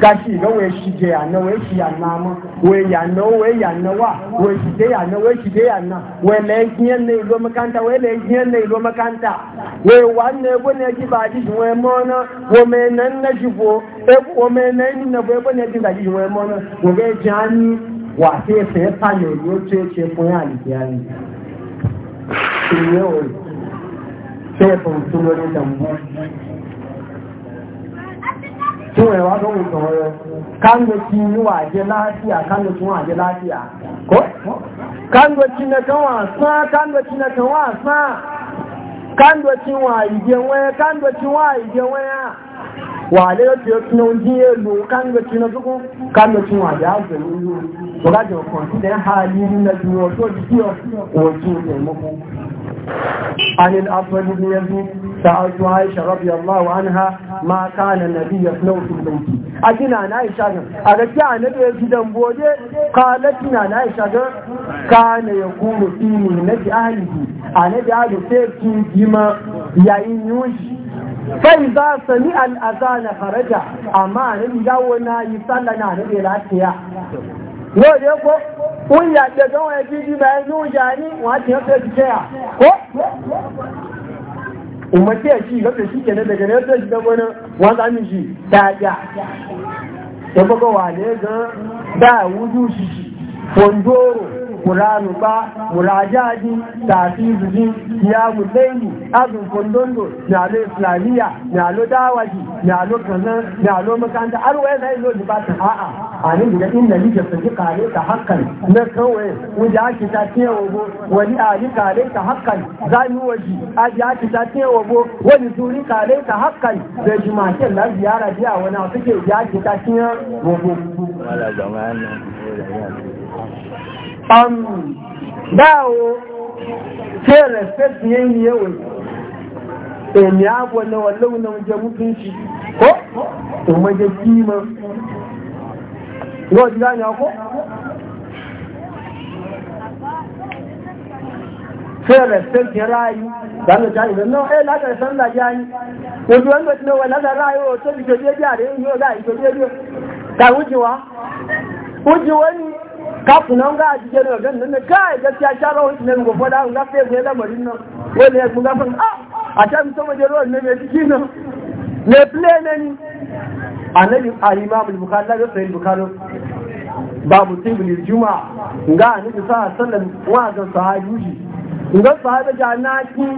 kashi ga wai shi je ya na wai shi ya na ma wai ya na wai ya na wa wai shi je ya na wai shi je ya na wai ne zo makanta wai la yin ne zo makanta wai wanne go ne ji ba ji wai mo na wo e, me nan na ji bo e wo me nan ni na bo e go ne ji ba ji wai mo na wo ge jani wa te se pa ne yo che che fun ya ni ya ni sai fòrùtún lórí ìdàmbú tí wọ́n wá lóhun tọ̀wọ́ yọ kángoci níwà jẹ́ láàáfíà waje lafiya, àjẹ́ láàáfíà kó kángoci na kan wà sán kángoci na kan wà sán kángoci wọ́n àìjẹ wọ́n kángoci wọ́n àìjẹ wọ́n yá wà lẹ́yọ́ tí ó tún ohun díẹ̀ lò kángoci na tókù kángoci wọ́n àjẹ́ àgbẹ̀ lórí ọ̀gájọ̀ kan tí dẹ́ ha yìí nínú ẹgbẹ̀rún عن الأفضل بن يزيد سألت عائشة رضي الله عنها ما كان النبي يصنع في البيت أجينا عائشة أردت عن النبي يزيد بوجه قالت عن عائشة كان يقوم في مهنة أهله أنا جعل سيكي جما يعينوش فإذا سمع الأذان خرج أما أنا جعلنا يصلنا على الإلاتية ويقول wọ́n yà jẹ́ tó wọ́n ẹbí bí bẹ́ẹ̀ ní wọ́n á ti jẹ́ à kó. ya ci gafe shi kenan daga nan sai shiga wani wanda min ta ja ya baka wane ga da wudu shi shi kuranu ba murajaji tafizuji kiyamu laili azun na lo islamiyya nyalo dawaji nyalo na lo makanta har wai zai zo ta a'a a ne da inda nike su ji kare ta hakan na kawai wuce ake ta ce wago wani a ji kare ta hakan zai waji a aji ake ta ce wago wani turi kare ta hakan da jimakin na ziyara biya wani suke ji ake ta ce wago. um dawo sai respect ne ni abu na wallahu na wajen mutunci ko kuma da kima yau ji gani ko sai respect ya rayu dan da jani nan eh la ka san la jani wato wanda ne wucewa wucewa ni kafu na nga ji jere ga nan ne kai ga ta ta rawo ne go fada nga fe fe la nan ko ne mu ga fan a ta mi to jero ne mai ji nan ne play ne ni annabi al-imam al-bukhari da sahih bukhari babu tibni juma, nga annabi sallallahu alaihi wasallam wa ga sahabi nga sahaba janaki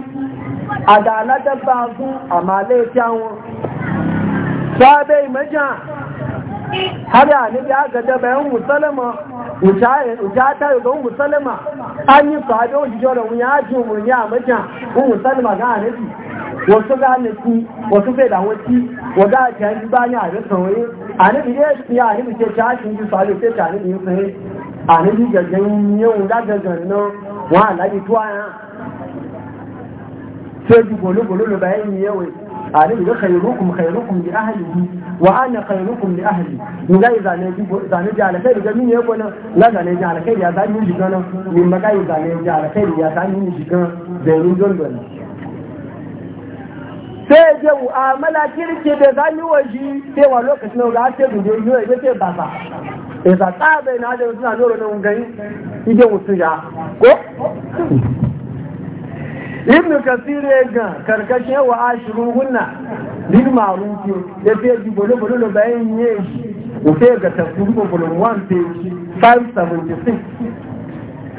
adala da bazu amale tawo sahabe maja har ya ne ga da bayan musalama ta yi ga umu salama an yi sahabi wa jijo da wuni haji umarni a majiya umu salama ga anabi wasu ga anabi wasu fai da wasi wa ga a cikin ba ni a ga sanwaye anabi ne ya anabi ce ta haji yi sahabi sai ta anabi yin sanwaye anabi gaggan yau ga gaggan nan wa alaji tuwa ya sai ji golo-golo da bayan yi yawai alim ga khairukum khairukum li ahlihi wa ana khairukum li ahli in ga zane zane ji alakai ga mini yako nan la zane ji alakai ya zane ji kana min maka yi zane ji alakai ya zane ji kana da yin dondon sai je mu'amala kirki da zani waji sai wa lokacin ga sai guje yi ya ce baba e za ta bai na da suna noro nan gani ide mutu ya ko ibn kasir ya ga karkashin wa ashirin hunna bil ma'rufi ya fiye ji bolo bolo da bayan ya shi ko sai ga tafsir ko bolo 1 page 576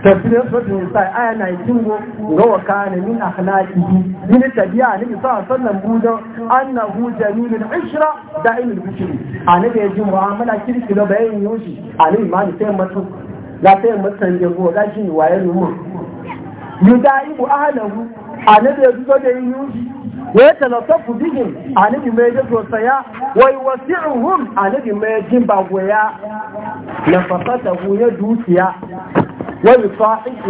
tafsir ko din sai aya na jingo ga wa kana min akhlaqi min tabi'a ne sa sallan budo annahu jamilul ishra da'imul bishri annabi da ji mu'amala kirki da bayan yoshi annabi ma sai mutu sai ga shi waye mu yudayibu ahlahu annabi ya zo da yin yushi wa ya talatafu bihim annabi mai da sosaya wa yuwasi'uhum annabi mai jin bagwaya na fasatahu ya dukiya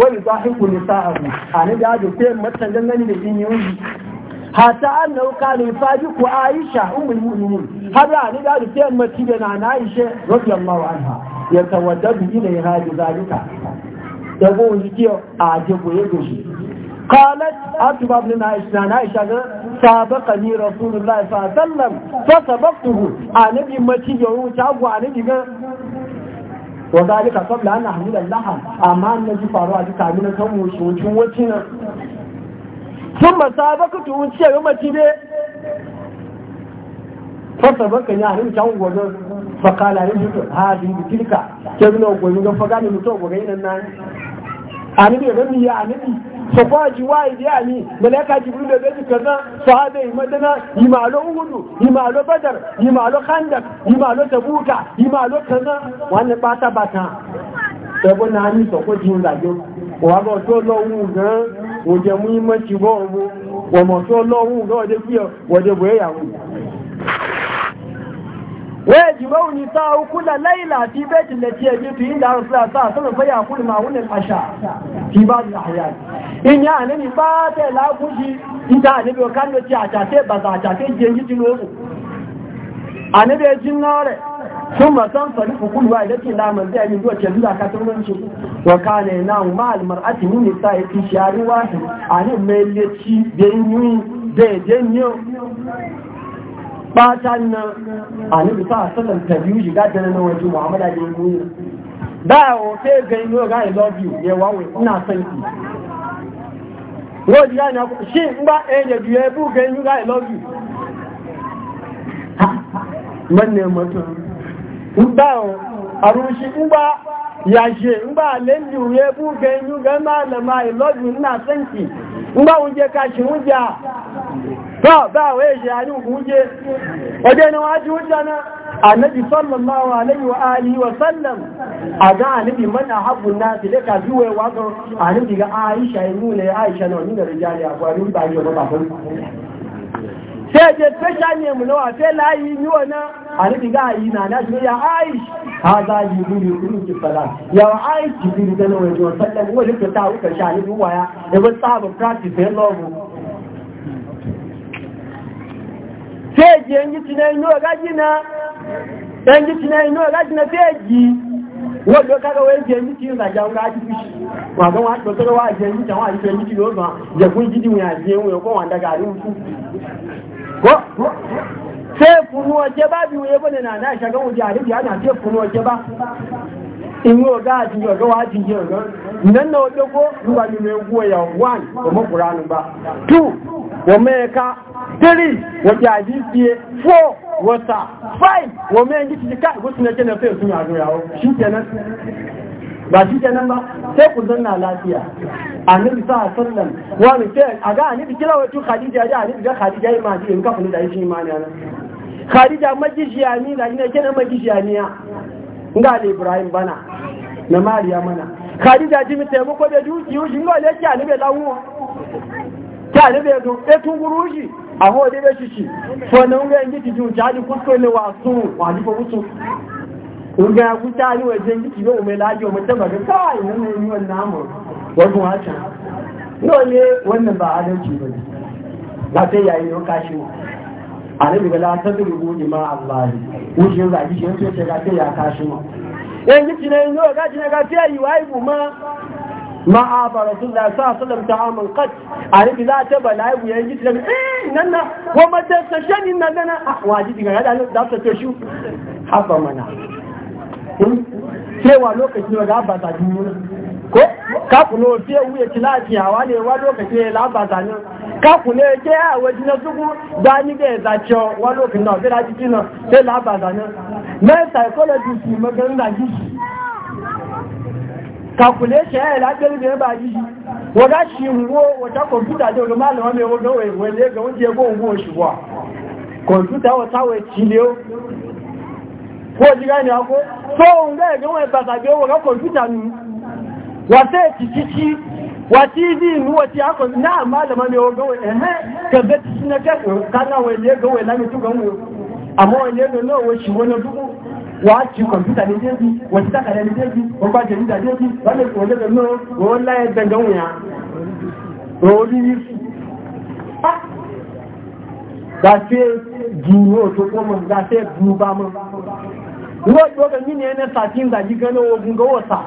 wa yudahiku nisa'ahu annabi ya doke matan dangane da yin yushi hata annahu kana yufajiku aisha ummul mu'minin har annabi ya doke mace da na aisha radiyallahu anha ya ilayha bi zalika yabo wani ki a jebo ya gosu kalat atuba bin na aisha na aisha ga sabaka ni rasulullahi fa sallam fa sabaqtuhu anabi maci ya wu ta gwa anabi ga wa dalika qabla an ahmil al-laham amma an annabi faru a duka min kan mu shuncin wacin sun ba sabaka tu wun ce ga mati be fa sabaka ni ahmil ta gwa ga fa kala ni ha bi tilka ke bin ko ga fa ga ni mutu ga yinan nan anabi ya gani ya anabi so kwa ji wa idi ani malaika jibril da bai kaza sahaba yi madana yi malo uhudu yi malo badar yi malo khandak yi tabuka yi kaza wannan bata bata ẹgbẹ́ náà ní ìsọ̀kọ́ jí ń làjọ́ wàbọ̀ tó lọ́wọ́ gan òjẹ̀ mú ìmọ̀ ṣùgbọ́n ọmọ wọ̀mọ̀ tó lọ́wọ́ gan ọdẹ de wọ́dẹ̀ bọ̀ ẹ̀yàwó wayaji mauni ta kula laila ti baitin da ce bi fi inda rasul sallallahu alaihi wasallam fa yaqul ma hunal asha fi ba'd al ahyan in ya anani ba ta la kuji ita ne bi kan da ci a ta ba za ta ke je ji dino Anan anabi jin nare sun ba san fa duk kullu da ke da man zai yin doke zuwa ka tunan shi wa kana na mal mar'ati min sai ti shari wa anabi mai leci bi yin ni de de batan nan a nufi sa sanar ta biyu shiga nan mu'amala da yin ga yin yoga i love you ya ina ki shi in ba i love you man ne mutum ba a rushi in ba ya in ba lenju ya bu ga yin yoga malama i love you ina son ki ńgbà oúnjẹ káṣì oúnjẹ bá àwọn èṣẹ́ àní òkú oúnjẹ ọdẹ́ ni wọ́n á jí oúnjẹ náà annabi sallallahu alaihi wa alihi wa sallam a ga annabi mana habbun nasi da ka zuwa ya mu nawa sai layi yi na aliki ga yi na na shi ya aish ha za yi gudu gudu ki fara ya aish ki gudu da nan wajen sallan wani ka ta wuka sha ni duwa ya da ba saba practice ya lobo sai ji yanki wọ́n wọ́n wọ́n sai funu waje ba biyu ya na na shagan waje a rufi ana sai waje ba in yi oga a waje ba two wa mai ka three wa jadi wa mai yanki cikin kai wasu na kenan sai sun yaro yawo shi kenan ba shi kenan ba sai ku zanna lafiya annabi sa sallam wa mutai a ga annabi kira wa tu khadija ya annabi ga khadija imani da shi khadija majishiyani da ina kenan majishiyaniya nga da ibrahim bana na mariya mana khadija ji mi taimako da duki shi nga le kyani be lawo kyani be do e tunguru shi a ho de be shishi fo na nga ngi ti ju jadi kusko ne wa su wa ji fo musu nga ku ta ni wa je ngi ti be o me laji o kai mun ne ni wannan mu wa ku hata no ne wannan ba adalci bane ba sai yayi yo kashi mu annabi ga la ta dubu ima Allah wujin da ji yanzu ce ga ya kashi ma yanzu kine yanzu ga kine ga fiye yi wai ma ma a ba rasulullah sallallahu alaihi ta'amun qat annabi la ta bala yi yanzu ce eh nan na wa madda shani nan nan wajibi ga da da ta ce shu haba mana cewa lokacin da ba ta duniya ko ka kakuno fiye wuya tilaki hawa ne wa lokaci ya lafa zanen kakuno ya ke a waje na suku zani da ya zace wa lokacin na fira jiki na sai lafa zanen mai psychology su maganin da jiki kakule shi ya lafiyar da ne ba Wa wata shi wo ta kwamfuta da wani malama mai wani wai wani ga wani ya gowon gowon shi kuwa kwamfuta wata wai ciliyo ko jiga ne ako so nga ya gowon ya basa biyo wa kwamfuta ne wata cikiki wata yi mu wata ya kwanci na malama ne wa gawai ehe kabe ciki na ka kana wai ne gawai na mutu gan wuyo amma wai ne ga nawa shi wani dubu wa ci kwamfuta ne jefi wata takara ne jefi wani ba jarida jefi wani wani da nawa wa wani laye dangan wuya wa yi su ba sai juro to kuma ba sai duba mun. Ruwa ɗoga mini yana satin da gano ogun ga wasa.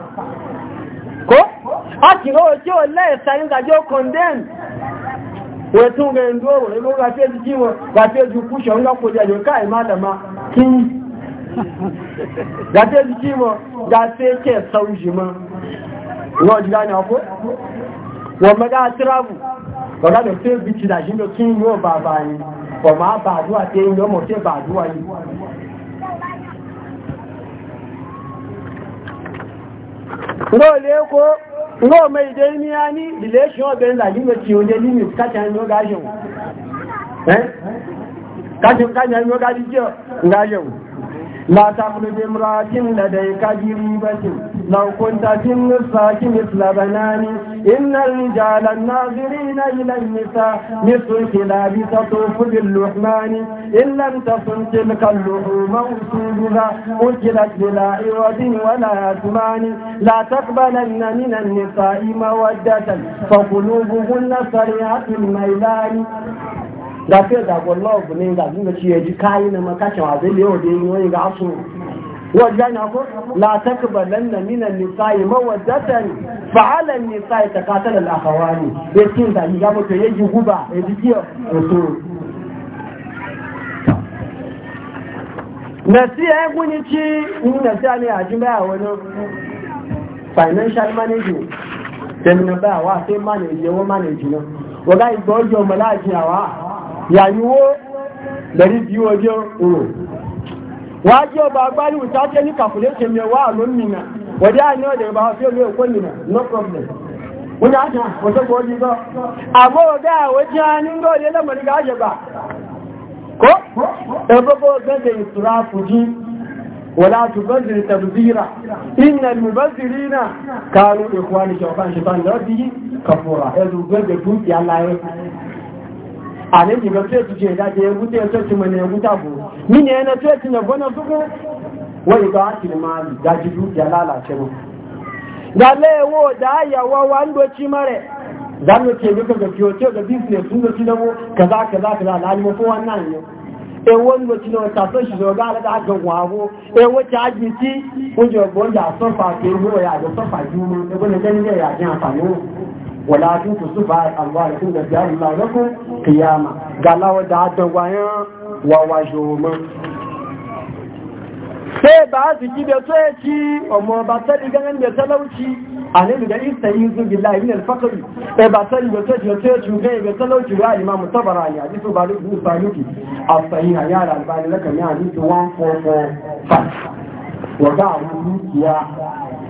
ko a ti ro ojú ọlẹ́ ìsáyún gàjọ́ condemn wọ́n tún rẹ̀ ń dúró rẹ̀ kí wọ́n gàfẹ́jú púṣọ̀ ńlọ́pọ̀ jẹjọ káì má dàmá kí gàfẹ́jú kí wọ́n gàfẹ́ kẹ́ sọ́rọ̀ jù mọ́ wọ́n jù láni ọkọ́ ngole ko ngo mai dai ni ani relation obin la yin ti onde limit ka tan no ga jẹun eh ka jẹun ka jẹun no ga jẹun ga لا تخرج امرأة لديك جريبة لو كنت في النصاك مثل بناني إن الرجال الناظرين إلى النساء مثل الكلاب تطوف باللحمان إن لم تصن تلك اللحوم أصولها أكلت بلا عوض ولا أثمان لا تقبلن من النساء مودة فقلوبهن صريحة الميلان da fiye da gwallo abu ne ga zuwa ci ya ji kayi na makashin wa zai yau da yi wani ga asu wajen na ko la takbalan na minan nisa'i mawaddatan fa'ala nisa'i ta katala ne. akhawani yakin da ya mutu ya yaji guba ya ji kiyo to nasiya ya guni ci ni nasiya ne a ji baya wani financial management tẹnu báyà wá sí manage ẹwọ́ manage náà wọ́n láì gbọ́ ọjọ́ ọmọ láàájín àwá yàyíwó lẹ́rí bí ọjọ́ òun wà á jẹ́ ọba agbárí ìtàkẹ́ ní kàfùlẹ́ṣẹ́ mi wà lómìnà wọ́dí àní ọ̀dẹ̀ bá fi olú èkó nìna no problem wọ́n ni àṣà ọ̀sọ́gbọ́ ọdí sọ àmọ́ ọ̀dá àwọ́ jẹ́ anígbọ́ ilé lẹ́mọ̀lẹ́gà àjẹ̀bà kó ẹgbogbo ale ni gafe su ce da ya gute ya sai mana ya guta bu ni ne na sai ne gona su ko wai ga aki ne mali da ji du ya lalace mu da lewo da yawa wando ci mare da mu ce duka ga fiyo ce ga business sun da ci da mu kaza kaza kaza lalimo ko wannan ne e wani mo tinu ta so shi so ga da ga wawo e wo ta ji ti o jo bo ya so fa ke wo ya so fa ju mu e bo ne ne ya ji anfani wo wala tun su ba alwala tun da biyar lalakun kiyama ga galawa da hadan wayan wawa joma sai ba su ki da tsoye ci amma ba ta diga nan da talauci a ne da isa yi zu bi lahi ne sai ba ta diga tsoye ci da tsoye ci ga ga talauci ga imamu tabara ne hadisi ba da su sanuki a sahiha ya da albani lakan ya hadisi 1445 wa ga abu dukiya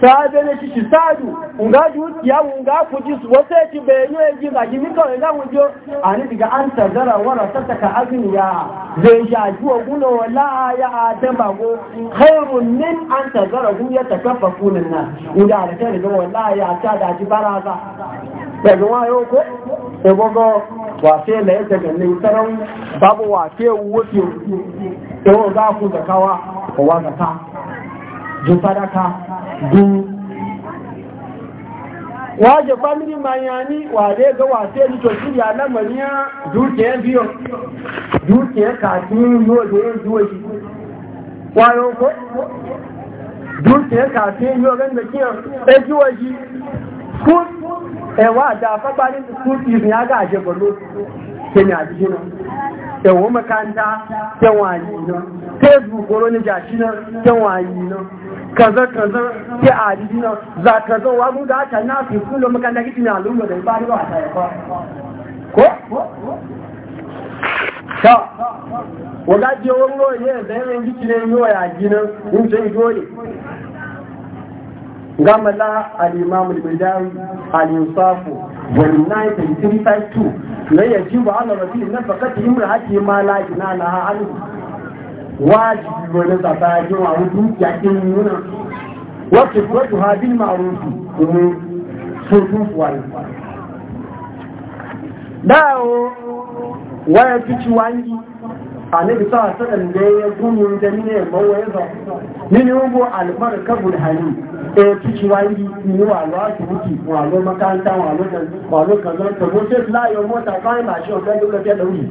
sáájẹ́ lè ṣíṣì sáájú ǹgájú yàwó ǹgá fújì wọ́sẹ̀ ti bẹ̀rẹ̀ ní ẹjí ìgbàjí níkọ̀ ìdáhùn jọ àníbìgá an tàzára wọ́n sátàkà agniya zai ṣàjú ogun lọ́wọ́ láàáyá àdẹ́màwó khairun min an tàzára gún yẹ tàkàfà fúnin náà ìdá àrẹ́tẹ́rẹ̀ lọ́wọ́ láàáyá àtàdájí bára pẹ̀lú wọn yóò kó ẹgbọ́gọ́ wàṣẹ́ ilẹ̀ ẹ̀tẹ̀gẹ̀ ní ìtẹ́rẹ̀ babu wàṣẹ́ jù fadaka dùn waje family mayani wade ga wace ni to shi ya lamari ya dukiya biyo dukiya kafin yo da yin duwa shi kwayo ko dukiya kafin yo ran da kiyan ɗan e duwa shi school ewa da fabarin school fees ya ga aje gwallo ke ne a jiki nan ewo makanta kyanwa yi nan facebook gwallo ni jashi nan kyanwa yi nan kaza kaza ke a jijina za ka zo wa mu da aka na fi kullum makanda kici na al'umma da ba riwa ta yafa ko ta ga je won ro ye da yin kici ne yo ya jinan mun sai dole gama la al-imam al-bidawi al-insaf wal 9352 la yajibu ala rafi nafaqati imra'ati ma la jinana anhu wajibi wani tsakanin wa mutum yakin nuna wacce kwatu hadin ma'arufi domin sun waya fici wangi a nabi sa sanan da ya gumi da ne mawaye Ni ne ugo albarka burhani e fici wangi ni wa lo ki wuki wa lo makanta wa lo da wa lo kaza ta mota kai ma shi o kai duka ta dauri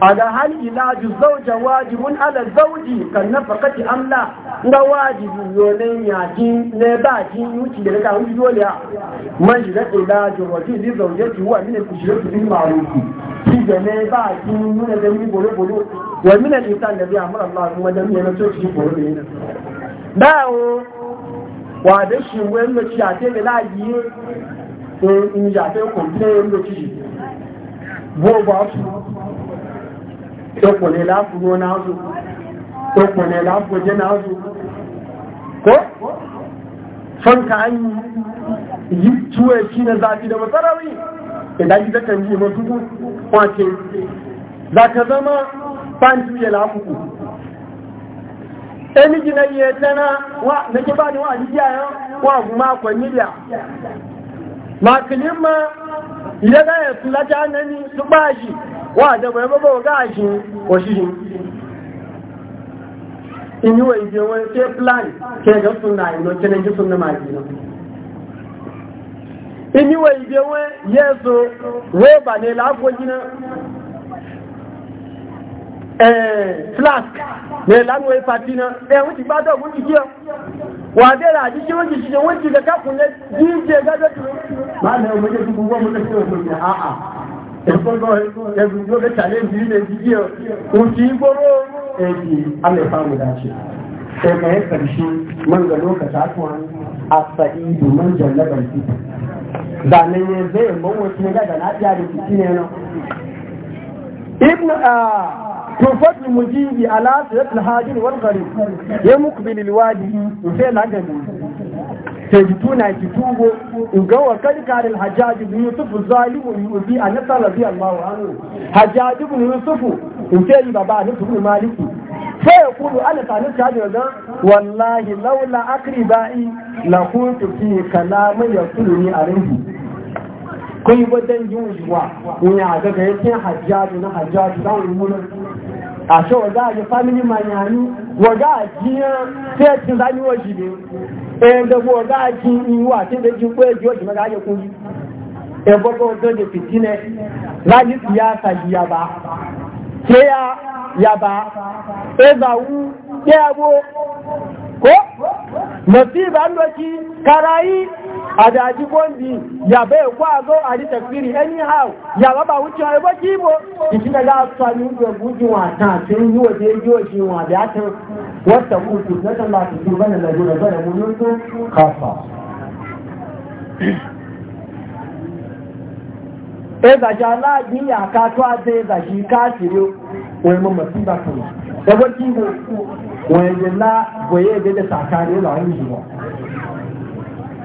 aga hal ilaju zauja wajibun ala zauji kan nafaqati am la nga wajibu yone ya jin ne ba jin yuci da ka hudu dole ya man shi da ilaju wati li zaujati huwa min al-kushrati bil ma'ruf shi da ne ba jin nuna da mi bolo bolo wa min al-insan da bi amara Allah kuma da da shi tó kò ní láàfúró náà zù tó kò ko fanka an yi tuwe shi na zafi da matsarawi idan gida kan yi masu kwace za ka zama fanti ya lafuku ɗan miji na ya tana wa na ke ba ni wa a jijiya wa kuma kwaniliya ma kalin ma ìlẹ́gá ẹ̀kùn lájá nẹ́ni tó bá ṣì wà àjẹ́bọ̀ ẹgbẹ́gbẹ́ ọ̀gá àṣì òṣìṣì inúwẹ̀ ìdí wọn tí plan kẹjọ fún náà ìlọ kẹjọ fún náà máa jìnà inúwẹ̀ ìdí wọn yẹ́sọ rọ́bà ní láàfojínà flask wàdẹ́rà àdíṣẹ́ wọ́n ti ga wọ́n ti lẹ́ka kùnlẹ̀ díje gájọ́ tó. máa lẹ ọmọ ẹgbẹ́ ne? ọmọ ẹgbẹ́ tó ṣe àà ẹ̀fọ́gọ́ ẹgbẹ́ tó fẹ́ challenge ilẹ̀ jíjí ẹ̀ kò sí gbọ́rọ̀ ẹ̀dì amẹ́fà mú dáṣe. ẹ̀ka ẹ̀ kàrìṣe man ga lokata kuma a sa'idu man jallabar ki. da ne ne zai mawuce ga da na fiya da fiti ne nan. ibnu a ah. to fadlu mujibi ala sayyid al-hajin wal gharib ya muqbil al-wadi to sai na gani sai bituna kitugo uga wa karkar al-hajaj ibn yusuf zalim yubi an tarabi Allah wa anhu hajaj ibn yusuf in sai yi baba ne tuni maliki sai ya kudu ala tanu shaji wa wallahi laula akribai la kuntu fi kalam yasuluni arifi kun ba dangin wa ina ga ga yakin hajjaji na hajjaji da wani mulki àṣọ ọ̀gá àjọ fámílì manyanu wọ̀gá àjíyàn tí ẹ ti láyé wọ́jì ní ẹgbẹ̀gbẹ̀ ọ̀gá àjí ìwọ̀ àti ẹgbẹ̀jú pé ẹjú ọ̀jì mẹ́ta ẹgbọ́gbọ́ adaji kwambi ya bai kwazo a tafiri anyhow ya baba wuce a yaba kibo ishi da za guji yi wa zai yi shi wa da ta wata kuku na ba su su bane da gudu bane mun kafa ezaji aláàgbín àká tó adé ezaji káàkiri òun mọ̀ sí ìbákan ẹgbẹ́ tí mo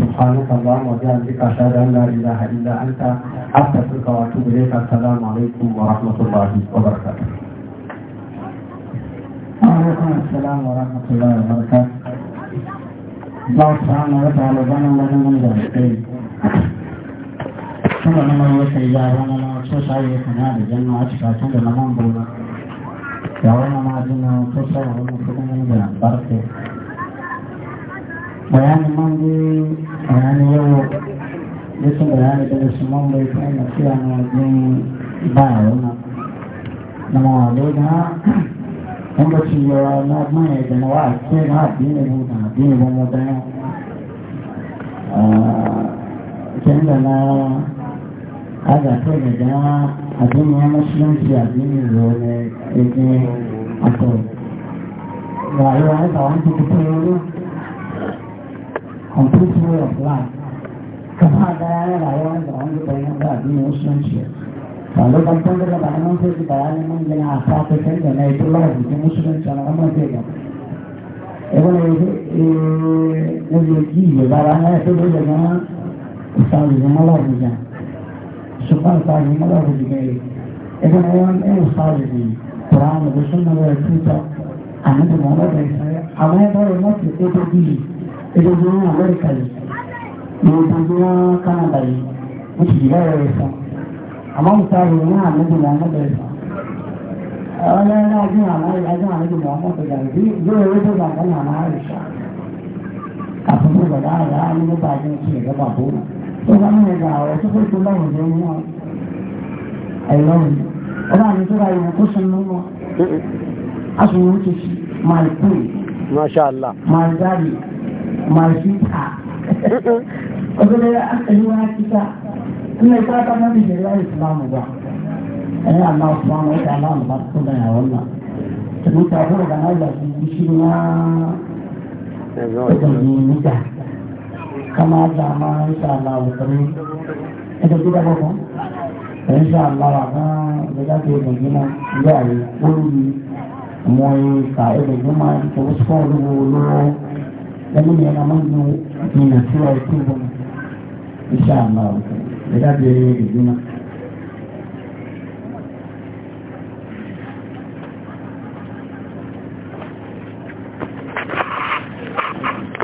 سبحانك اللهم وبحمدك أشهد أن لا إله إلا أنت أستغفرك وأتوب إليك السلام عليكم ورحمة الله وبركاته. وعليكم السلام ورحمة الله وبركاته. الله سبحانه وتعالى بنا لنا من ذلك. ثم لما وجه إلى أنا ما أتوسع يكون هذا جنة أشفى ثم لما أنظر. يا وانا ما أدري ما أتوسع وأنا أتوسع من ذلك. bayanin man dai bayanin yau yasan bayani da su man bai kai na fiya na wajen ba a wuna na mawale na an ba ci yawa na maya da na wa ke na addini mu na addini mu mu bayan kin da na aga to da da addini ya musulunci addini zo ne yake a to rayuwa ya tsawon tukutu complete way of life. Kama dayanan rayuwar da wani bayan da addinin musulunci. Ba lokacin da ba nan sai ki bayanin mun gina a fata kan da na yi tullar jikin musulunci a nan sai ga. Ebona yanzu na zirki da ba rana ya fi da gana ustazu da malaruja. Shukar ustazu da malaruja ga yi. Ebona yawan ɗaya ustazu ne. Kur'an da sunna da tuta. Annabi Muhammad da Isa. Amma ya fara mafi ko ta biyu ìdójú ní amẹ́ríkà yìí ní ìdójú ní kánádà yìí ní ìdílé rẹ̀ fún àmọ́ mo sáré ní àmẹ́jọ mọ́ ọmọ bẹ̀rẹ̀ fún ọlọ́ ní ọdún àmẹ́jọ ọdún àmẹ́jọ mọ́ ọmọ bẹ̀rẹ̀ fún bí ìjọ ìwé tó bàbá ní àmà rẹ̀ sá àfọwọ́ bàbá àrà ní bàbá àjọ kí ẹ̀rọ bàbá òun tó bá ní ẹ̀rọ àwọ̀ tó fẹ́ tó lọ́wọ́ jẹ́ masu ta abu da ya aka yi wani kita ina yi kwata mani da ya yi islamu ba ɗan yi allah su mamu wata allah ba su da ya wannan ta mutu abu da na yi su shi na da yi mutu kama da ma insha allah wutari ita gida ba ko insha allah wa ga da za ta yi da gina zuwa yi wuri mu yi ka'ida gima ta wasu kawo rubu ẹnu yẹn na máa ń lo ìyàtúwà ìtúbọ̀ ìṣàmà ìdájọ́ ìdúná.